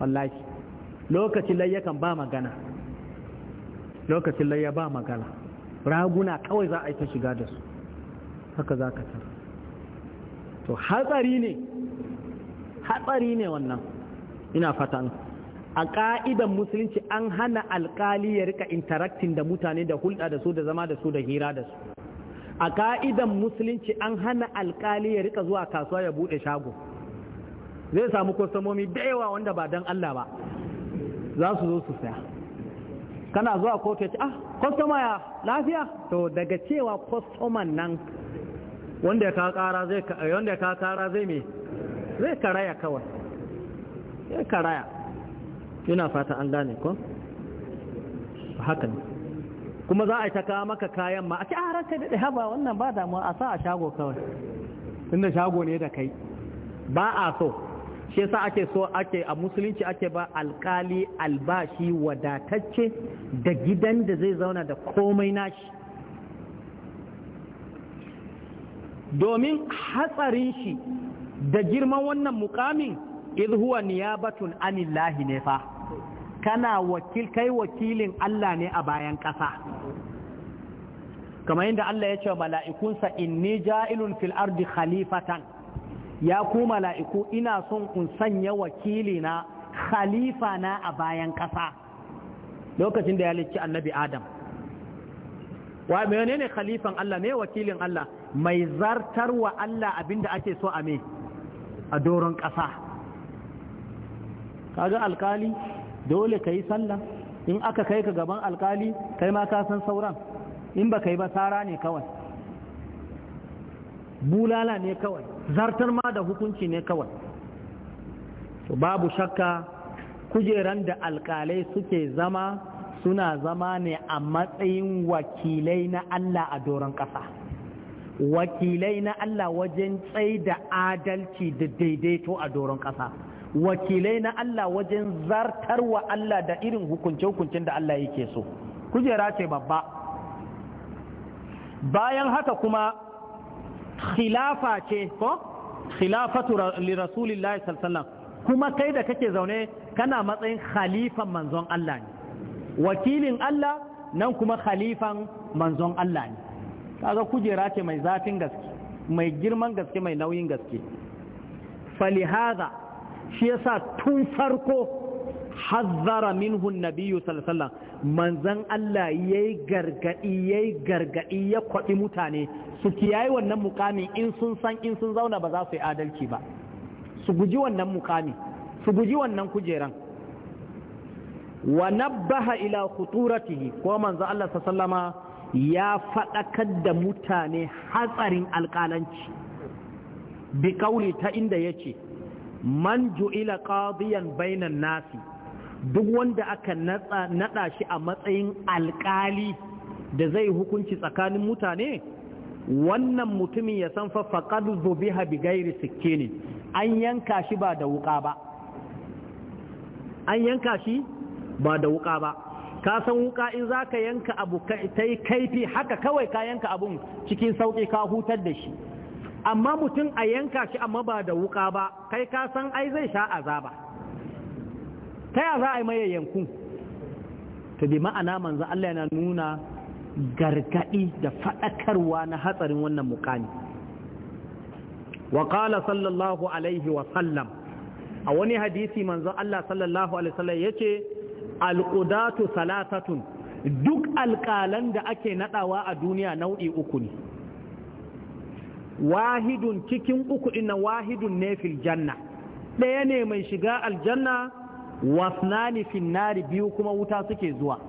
wallahi lokacin yakan ba magana lokacin ya ba magana raguna kawai za a yi ta shiga da su haka za ka tara to hatsari ne hatsari ne wannan ina fatan a ka'idan musulunci an hana alkali ya rika interacting da mutane da hulɗa da su da zama da su da hira da su a ka'idan musulunci an hana alkali ya rika zuwa kasuwa ya buɗe shago zai samu kwastomomi da yawa wanda ba don Allah ba za su zo su saya kana zuwa kotu ya ce ah kwastoma ya lafiya to daga cewa kwastoman nan wanda ya kara zai wanda ya kakara zai me zai karaya kawai zai karaya yana fata an gane ko haka ne kuma za a yi ta kawo maka kayan ma a ce a ah, ranka daɗe haba wannan ba damuwa a sa a shago kawai inda shago ne da kai ba a so shi yasa ake so ake a musulunci ake ba alkali albashi wadatacce da gidan da zai zauna da komai nashi domin hatsarin shi da girman wannan mukamin huwa niyabatun anillahi ne fa kana wakil kai wakilin Allah ne a bayan ƙasa kamar yadda Allah ya ce mala'ikunsa inni ja'ilun fil ardi khalifatan ya ku mala'iku ina son in sanya wakili na khalifa na a bayan ƙasa lokacin da ya lici annabi adam wa menene ne khalifan Allah ne wakilin Allah mai zartar wa Allah abinda ake so a me a doron ƙasa kaga alkali dole ka yi sallah in aka kai ka gaban alkali kai ma ka san sauran in ba yi ba tsara ne kawai bulala ne kawai zartar ma da hukunci ne kawai to babu shakka kujeran da alkalai suke zama suna zama ne a matsayin wakilai na Allah a doron ƙasa wakilai na Allah wajen tsai da adalci da daidaito a doron ƙasa wakilai na Allah wajen zartar wa Allah da irin hukunce-hukuncen da Allah yake so kujera ce babba bayan haka kuma khilafa ce ko khilafatu li rasulillahi sallallahu kuma kai da kake zaune kana matsayin khalifan manzon Allah ne wakilin Allah nan kuma khalifan manzon Allah ne kaga kujera ce mai zafin gaske mai girman gaske mai nauyin gaske falihaza shi yasa tun farko hazzara minhun nabiyyu sallallahu alaihi wasallam manzon Allah yayi gargadi yayi gargadi ya kwadi mutane su kiyaye wannan mukamin in sun san in sun zauna ba za su yi adalci ba su guji wannan mukami su guji wannan kujeran wa nabbaha ila khuturatihi ko manzon Allah sallallahu ya faɗakar da mutane hatsarin alƙalanci bi kauli ta inda yace man ju'ila qadiyan bainan nasi duk wanda aka nada shi a matsayin alƙali da zai hukunci tsakanin mutane wannan mutumin ya san faƙad zobe bi gairi ne, an yanka shi ba da wuƙa ba an yanka shi ba da wuka ba ka san wuka in za ka yanka abu ta yi kaifi haka kawai ka yanka abun cikin sauƙi ka hutar da shi amma mutum a yanka shi amma ba da wuka ba kai ka san ai zai sha azaba ta ya za a yi maye yanku to bi ma'ana manzo Allah yana nuna gargadi da faɗakarwa na hatsarin wannan mukami wa sallallahu alaihi wa sallam a wani hadisi manzo Allah sallallahu alaihi wa sallam yace alƙudatu salatatun duk alƙalan da ake naɗawa a duniya nau'i uku ne wahidun cikin uku ina wahidun ne fil janna ɗaya ne mai shiga aljanna wasnani finnari biyu kuma wuta suke zuwa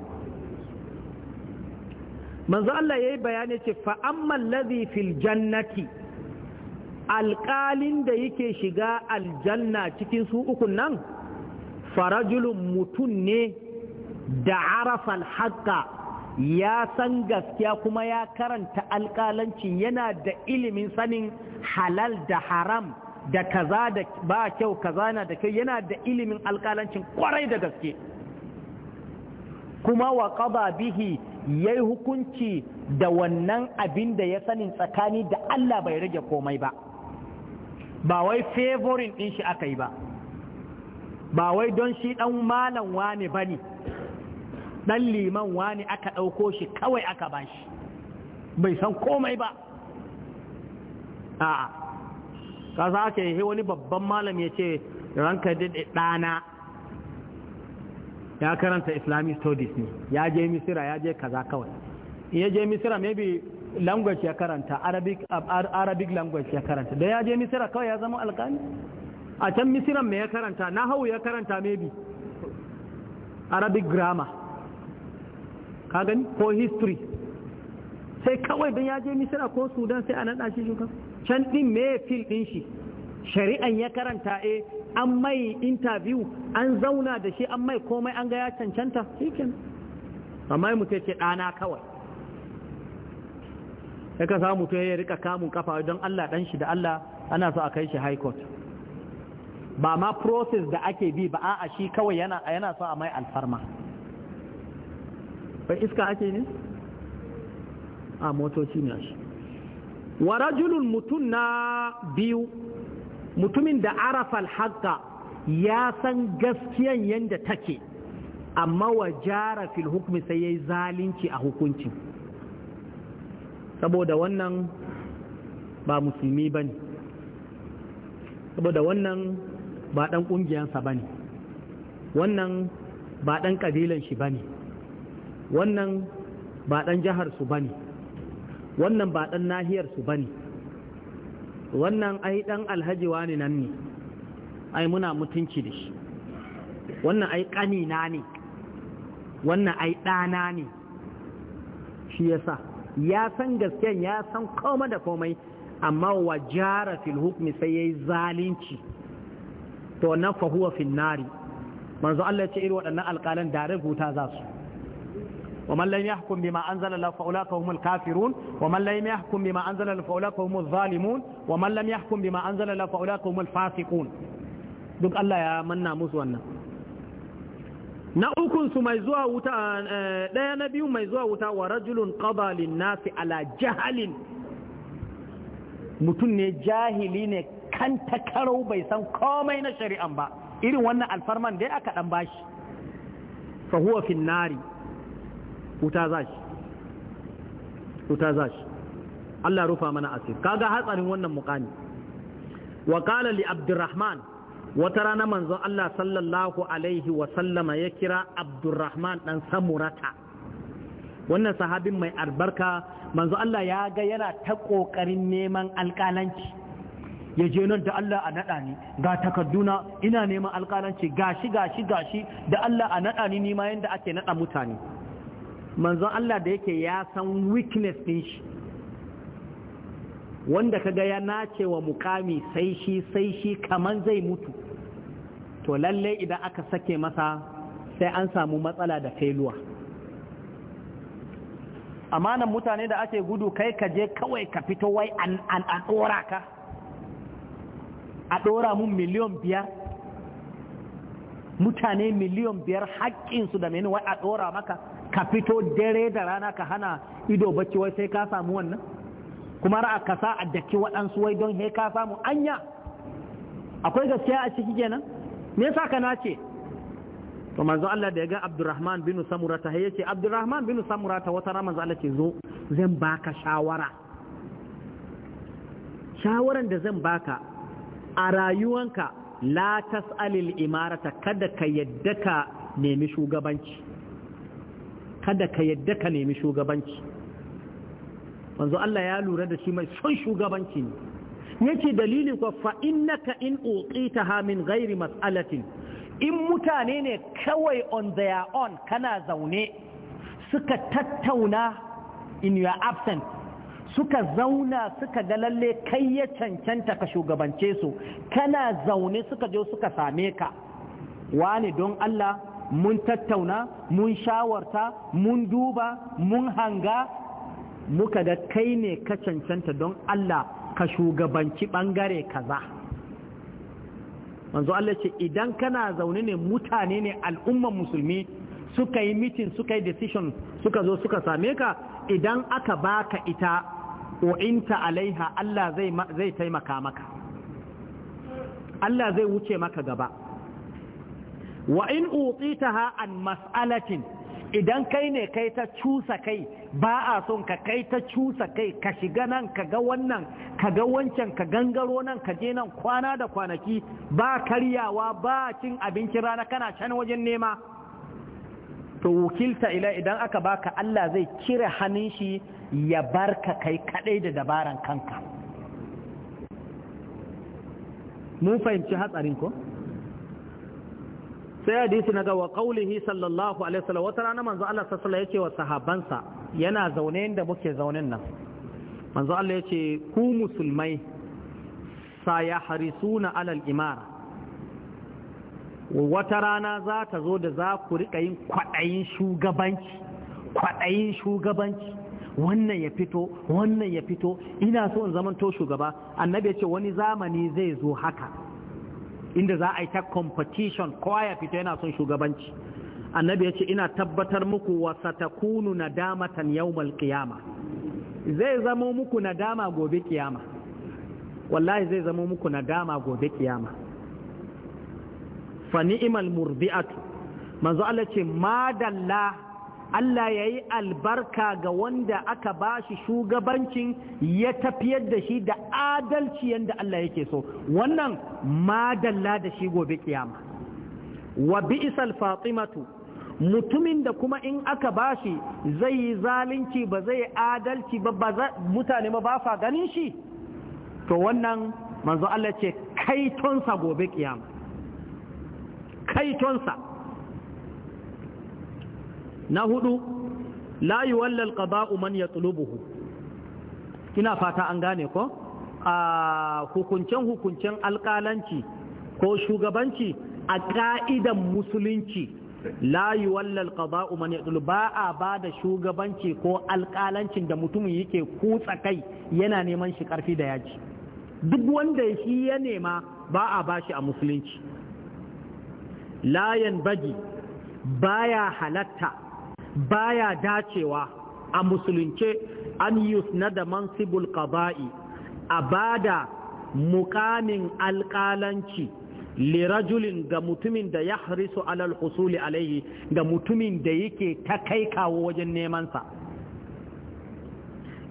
manzo Allah ya yi bayani ce fa amman ladhi fil jannati alƙalin da yake shiga aljanna cikin su ukun nan farajulun mutum ne da arafal haƙa ya san gaskiya kuma ya karanta alƙalanci yana da ilimin sanin halal da haram da kaza da ba kyau kaza na da kyau yana da ilimin alƙalancin kwarai da gaske kuma wa qada bihi yayi hukunci da wannan abin da ya sanin tsakani da Allah bai rage komai ba ba wai favorin din shi aka yi ba ba wai don shi dan malam wani bane dan liman wani aka ɗauko shi kawai aka bashi bai san komai ba a'a ka za ka yi wani babban malam ya ce ranka daɗe ɗana ya karanta islamic studies ne ya je misira ya je kaza kawai ya je misira maybe language ya karanta arabic, arabic language ya karanta da ya je misira kawai ya zama alƙali a can misiran mai ya karanta na hau ya karanta maybe arabic grammar ka gani ko history sai kawai don ya je misira ko sudan sai a naɗa shi shugaban can ɗin me fil ɗin shi shari'an ya karanta e an mai interview an zauna da shi an mai komai an ga ya cancanta shikin amma mutum ce ɗana kawai ya ka samu mutum ya rika kamun kafa don Allah ɗan shi da Allah ana so a kai shi high court ba ma process da ake bi ba a shi kawai yana yana so a mai alfarma bai iska ake ne a motoci ne shi wa mutum na biyu mutumin da arafal haka ya san gaskiyan yadda take amma wa jara fil hukumi sai ya yi zalunci a hukuncin saboda wannan ba musulmi ba ne saboda wannan ba ɗan ƙungiyansa ba ne wannan ba ɗan ƙabilan shi ba ne wannan ba ɗan jiharsu ba ne wannan ba ɗan nahiyar su ne wannan ai ɗan alhaji wani nan ne ai muna mutunci da shi wannan ai ƙanina ne wannan ai ɗana ne shi ya sa ya san gasken ya san koma da komai amma wa jara fil hukmi sai ya yi zalunci to na fahuwa finnari manzo Allah ya ce irin waɗannan alƙalan da rubuta za su ومن لم يحكم بما أنزل الله فأولئك هم الكافرون ومن لم يحكم بما أنزل الله فأولئك هم الظالمون ومن لم يحكم بما أنزل الله فأولئك هم الفاسقون duk Allah ya manna musu wannan na ukun su mai zuwa wuta ɗaya na biyu mai zuwa wuta wa rajulun qada nasi ala jahalin mutum ne jahili ne kan takarau bai san komai na shari'an ba irin wannan alfarman dai aka dan bashi fa huwa fin nari wuta za wuta za Allah rufa mana asir kaga hatsarin wannan mukami wa qala li abdurrahman wata rana manzon Allah sallallahu alaihi wa sallama ya kira abdurrahman dan samurata wannan sahabin mai albarka manzo Allah ya ga yana ta kokarin neman alƙalanci ya je nan da Allah a naɗa ni ga takarduna ina neman alƙalanci gashi gashi gashi da Allah a naɗa ni nima yanda ake naɗa mutane manzon Allah da yake ya san weakness din shi wanda kaga ya nace wa mukami sai shi sai shi kaman zai mutu to lalle idan aka sake masa sai an samu matsala da failure amanan mutane da ake gudu kai ka je kawai ka fito wai an an dora ka a dora mun miliyan biyar mutane miliyan biyar haƙƙinsu da meni wai a dora maka ka fito dare da rana ka hana ido bacci wai sai ka samu wannan kuma ra'a ka sa a daki waɗansu wai don he ka samu anya akwai gaskiya a ciki kenan me yasa ka nace to manzo Allah da ya ga Abdurrahman bin Samura ta yace Abdurrahman bin Samura ta wata manzo Allah ce zo zan baka shawara shawaran da zan baka a rayuwanka la tas'alil imarata kada ka yadda ka nemi shugabanci kada ka yadda ka nemi shugabanci Wanzu Allah ya lura da shi mai son shugabanci ne yace dalili ko fa innaka in ta min gairi mas'alatin in mutane ne kawai on their own kana zaune suka tattauna in your absence? suka zauna suka ga lalle kai ya cancanta ka shugabance su kana zaune suka je suka same ka wani don Allah mun tattauna mun shawarta mun duba mun hanga muka da kai ne ka cancanta don Allah ka shugabanci bangare kaza manzo Allah ce idan kana zaune ne mutane ne al'umman musulmi suka yi mitin suka yi decision suka zo suka same ka idan aka baka ita wa'inta alaiha Allah zai taimaka maka Allah zai wuce maka gaba wa in utitaha an mas'alatin idan kai ne kai ta cusa kai ba a son ka kai ta cusa kai ka shiga nan ka ga wannan ka ga wancan ka gangaro nan ka je nan kwana da kwanaki ba karyawa ba cin abincin rana kana can wajen nema to wukilta ila idan aka baka Allah zai cire hannun shi ya barka kai kadai da dabaran kanka mun fahimci hatsarin ko? sai hadisi na wa qaulihi sallallahu alaihi wasallam wata rana manzo Allah sallallahu alaihi yake wa sahabansa yana zaune inda muke zaunin nan manzo Allah yace ku musulmai harisuna alal imara wata rana za ta zo da za ku rika yin kwaɗayin shugabanci kwaɗayin shugabanci wannan ya fito wannan ya fito ina so in zamanto shugaba annabi ya ce wani zamani zai zo haka inda za a yi ta competition kowa ya fita yana son shugabanci annabi ya ce ina tabbatar muku na dama ta yawmal qiyama zai zamo muku na dama gobe kiyama wallahi zai zamo muku na dama gobe kiyama fa murdi'atu manzo Allah ce madalla Allah ya yi albarka ga wanda aka ba shi shugabancin ya tafiyar da shi da adalci yadda Allah yake so wannan madalla da shi gobe kiyama wa bi'sal fatimatu mutumin da kuma in aka ba shi zai yi zalunci ba zai yi adalci ba mutane ba fa ganin shi to wannan manzo Allah ce kaitonsa gobe kiyama kaitonsa na hudu la yuwallal qada'u man yatlubuhu Kina fata an gane ko a hukuncen hukuncen alƙalanci ko shugabanci a ka'idan musulunci la ba qada'u man yatlubu ba a bada shugabanci ko alƙalancin da mutumin yake kutsa kai yana neman shi karfi da yaji duk wanda shi ya nema ba a bashi a musulunci Layan bagi baya halatta baya dacewa a musulunce an na da mansibul qaba'i a bada mukamin alƙalanci lirajulin ga mutumin da ya harisu alal husuli alaihi ga mutumin da yake ta kai kawo wajen nemansa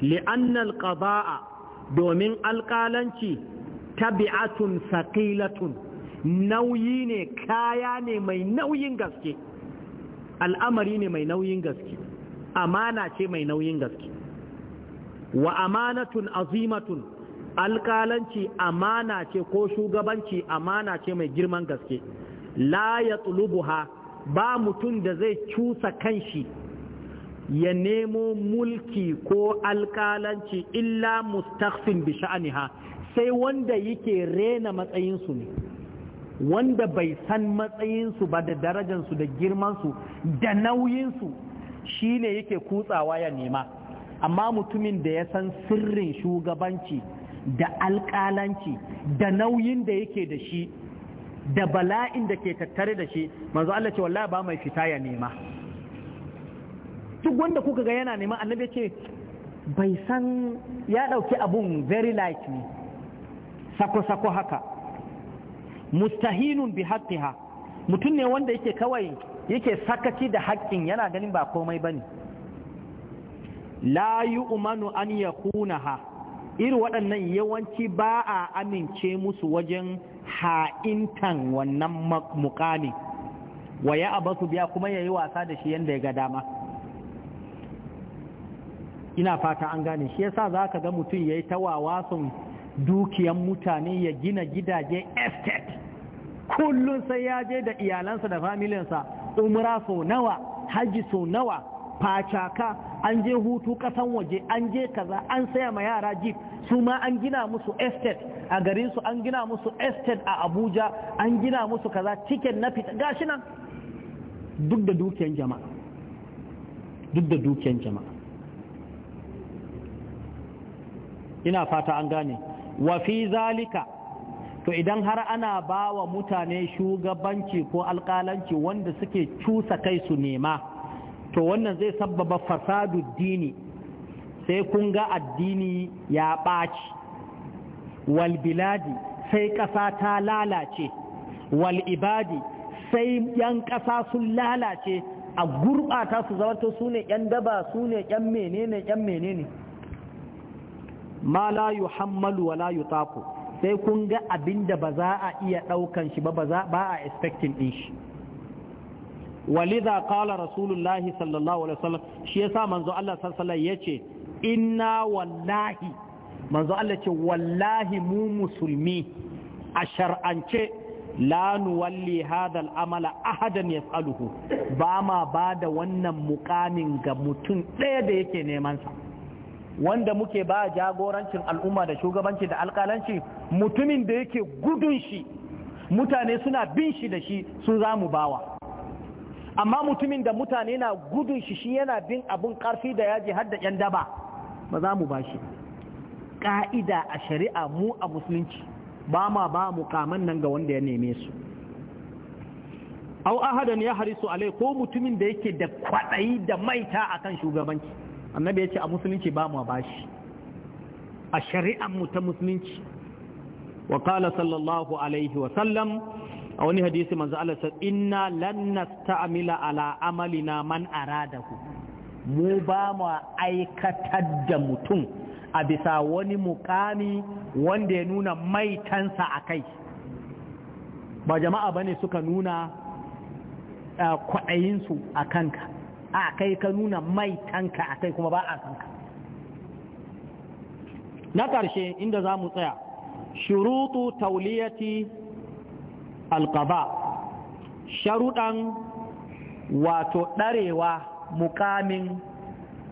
li'annal qaba'a domin alƙalanci tabi'atun saqilatun nauyi ne kaya ne mai nauyin gaske al'amari ne mai nauyin gaske amana ce mai nauyin gaske wa amanatun azimatun alkalanci amana ce ko shugabanci amana ce mai girman gaske la ya ha, ba mutum da zai cusa kanshi ya nemo mulki ko alƙalanci illa mustaqfin bi sha'aniha sai wanda yake rena matsayinsu ne wanda bai san matsayinsu ba da darajansu da girmansu da nauyinsu shi ne yake kutsawa ya nema amma mutumin da ya san sirrin shugabanci da alƙalanci da nauyin da yake da shi da bala'in da ke tattare da shi manzo Allah ce wallahi ba mai fita ya nema duk wanda kuka ga yana nema annabi ya ce bai san ya ɗauki abun very light ne sako-sako haka mustahinun bi haqqiha mutum ne wanda yake kawai yake sakaci da haƙƙin yana ganin ba komai bane la yu'manu an yakunaha irin waɗannan yawanci ba a amince musu wajen ha'intan wannan mukami wa ya abasu biya kuma yayi wasa da shi yanda ya ga dama ina fata an gane shi yasa za ka ga mutum ya yi ta dukiyan mutane ya gina gidaje estate kullum sai ya je da iyalansa da familinsa umra sau nawa hajji sau nawa facaka an je hutu kasan waje an je kaza an saya ma yara jeep su ma an gina musu estate a garin su an gina musu estate a abuja an gina musu kaza cikin na fita gashi nan duk da dukiyan jama'a duk da dukiyan jama'a ina fata an gane wa fi zalika to idan har ana ba wa mutane shugabanci ko alƙalanci wanda suke cusa kai su nema to wannan zai sababa fasadu dini sai kun ga addini ya ɓaci wal sai ƙasa ta lalace wal ibadi sai yan ƙasa sun lalace a gurɓata su zamanto su ne yan daba su ne yan menene yan menene ma la yuhammalu wa la sai kun ga abin da ba za a iya ɗaukan shi ba ba a expecting ɗin shi walidha qala rasulullahi sallallahu alaihi wasallam shi yasa manzo Allah sallallahu alaihi yace inna wallahi manzo Allah ce wallahi mu musulmi a shar'ance la nuwalli hadha al-amala ahadan yas'aluhu ba ma bada wannan mukamin ga mutum ɗaya da yake neman sa wanda muke ba jagorancin al'umma da shugabanci da alkalanci mutumin da yake gudun shi mutane suna bin shi da shi su za mu bawa amma mutumin da mutane na gudun shi shi yana bin abun karfi da yaji har da 'yan daba ba za mu ba shi Ka'ida a shari'a mu a musulunci ba ma ba mu kaman nan ga wanda ya neme su au ahadan ya harisu alai ko mutumin da yake da kwadayi da maita akan shugabanci annabi ya ce a musulunci ba mu bashi a shari'an mu ta musulunci wa sallallahu alaihi wa sallam a wani hadisi manzo Allah sa inna lan nasta'mila ala amalina man aradahu mu ba mu aikatar da mutum a bisa wani mukami wanda ya nuna maitansa a kai ba jama'a bane suka nuna eh, kwaɗayinsu a kanka a kai ka nuna mai tanka a kai kuma ba a tanka na ƙarshe inda za mu tsaya shurutu tauliyati alƙaba sharuɗan wato ɗarewa mukamin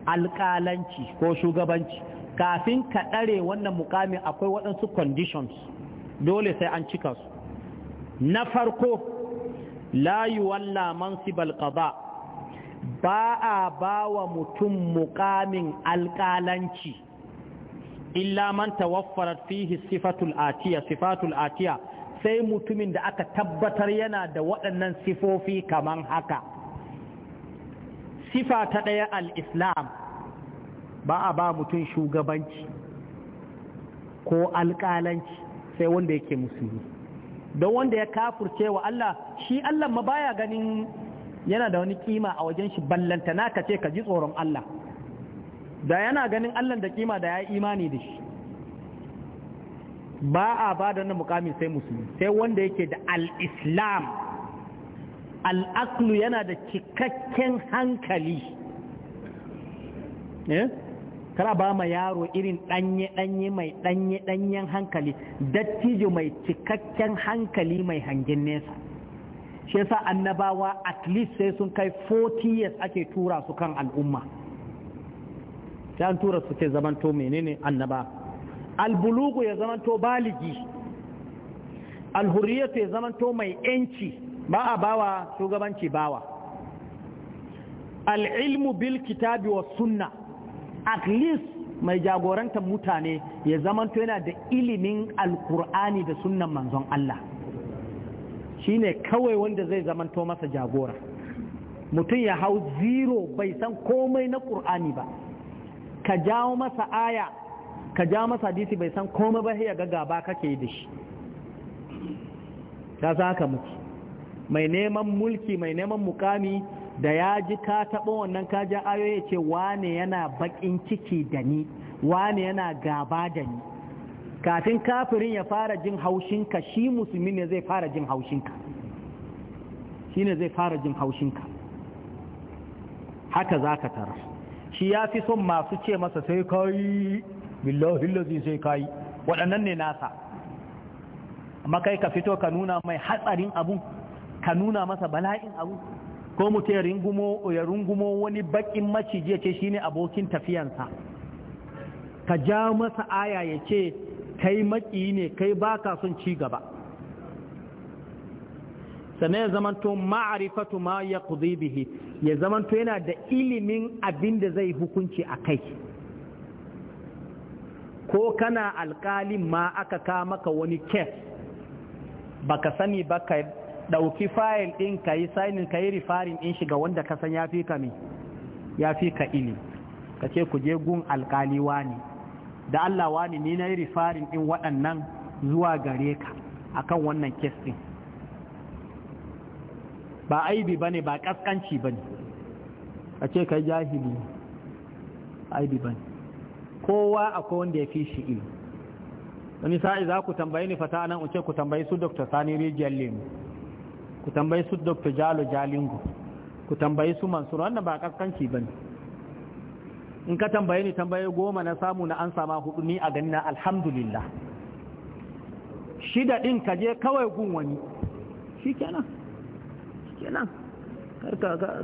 alƙalanci ko shugabanci kafin ka ɗare wannan mukamin akwai waɗansu conditions dole sai an cika su na farko la laman walla mansibal ba a ba wa mutum mukamin alƙalanci illa man tawaffarat fihi sifatul atiya sifatul atiya sai mutumin da aka tabbatar yana da waɗannan sifofi kaman haka sifa ta ɗaya al-islam ba a ba mutum shugabanci ko alƙalanci sai wanda yake musulmi don wanda ya kafurce wa Allah shi Allah ma baya ganin yana da wani kima a wajen shi ballanta na kace ka ji tsoron Allah da yana ganin Allah da kima da ya yi imani da shi ba a ba da wani mukami sai musulmi sai wanda yake da al-islam al-aqlu yana da cikakken hankali eh kara ba ma yaro irin ɗanye-ɗanye mai ɗanye-ɗanyen hankali dattijo mai cikakken hankali mai hangin nesa shi yasa annabawa at least sai sun kai 40 years ake tura su kan al'umma sai an tura su sai zamanto menene annaba albulugu ya zamanto baligi alhuriyatu ya zamanto mai yanci ba a bawa shugabanci bawa al'ilmu bil kitabi wa sunna at least mai jagorantar mutane ya zamanto yana da ilimin alkur'ani da sunnan manzon Allah shine kawai wanda zai zamanto masa jagora mutum ya hau zero bai san komai na ƙur'ani ba ka jawo masa aya ka jawo masa hadisi bai san komai ba ya ga gaba kake yi da shi ta za ka mutu mai neman mulki mai neman mukami da ya ji ka taɓa wannan ka ayoyi ce wane yana baƙin ciki da ni wane yana gaba da ni kafin kafirin ya fara jin haushinka shi musulmi ne zai fara jin haushinka shi ne zai fara jin haushinka haka za ka tara shi ya fi son masu ce masa sai kayi billahi lazi sai kayi waɗannan ne nasa amma kai ka fito ka nuna mai hatsarin abu ka nuna masa bala'in abu ko mutum ya rungumo wani bakin maciji ya ce shine abokin tafiyansa ka ja masa aya ya ce kai maki ne kai baka son ci gaba sanan ya zamanto ma'arifatu ma ya bihi ya zamanto yana da ilimin abin da zai hukunci a kai ko kana alkalin ma aka ka maka wani kes baka sani ba ka ɗauki fayil ɗin kayi yi sainin ka yi rifarin in shiga wanda ka san ya ka ne ya ka ilimi ka ku je gun alkali wani da Allah wani ni na yi rifarin ɗin waɗannan zuwa gare ka akan wannan kestin. ba aibi ba ne ba ƙasƙanci ba ne a ce kai jahili aibi ba ne kowa akwai wanda ya fi shi ilu wani sa'i za ku tambayi ni fata nan uce ku tambayi su dr sani rijiyar lemu ku tambayi su dr jalo jalingo ku tambayi su mansur wannan ba ƙasƙanci ba ne in ka tambaye ni tambaye goma na samu na an sama hudu ni a gani na alhamdulillah shida din ka je kawai gun wani shi kenan kenan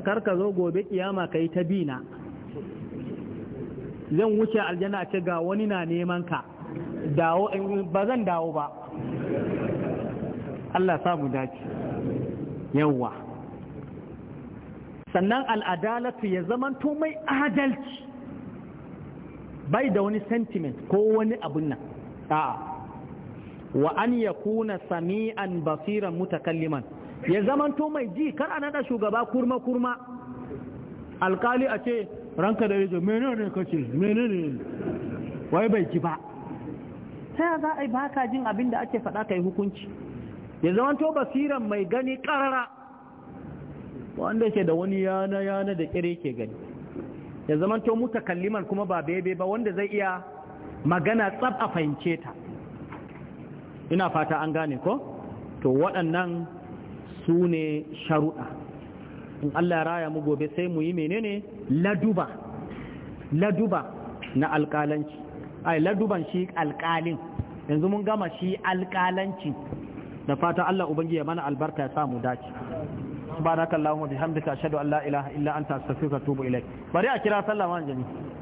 karka zo gobe kiyama ka yi ta bina zan wuce aljanna ce ga wani na neman ka dawo ba zan dawo ba Allah samu dace yawwa sannan al'adalatu ya to mai adalci bai da wani sentiment ko wani abun nan a'a wa an yakuna sami'an basiran mutakalliman ya zamanto mai ji kar a nada shugaba kurma kurma alkali a ce ranka da rijo menene kace menene wai bai ji ba ta za a yi baka jin abin da ake faɗa kai hukunci ya zamanto basiran mai gani ƙarara wanda ke da wani yana yana da kire ke gani ya zamanto mutakalliman kuma ba bebe ba wanda zai iya magana tsab a fahimce ta ina fata an gane ko to waɗannan su ne sharuɗa in Allah raya mu gobe sai mu yi menene laduba laduba na alƙalanci ai laduban shi alƙalin yanzu mun gama shi alƙalanci da fata Allah ubangiji ya mana albarka ya sa mu dace subhanakallahumma bihamdika ashhadu an la ilaha illa anta astaghfiruka wa atubu ilaik bari a kira sallama jami'a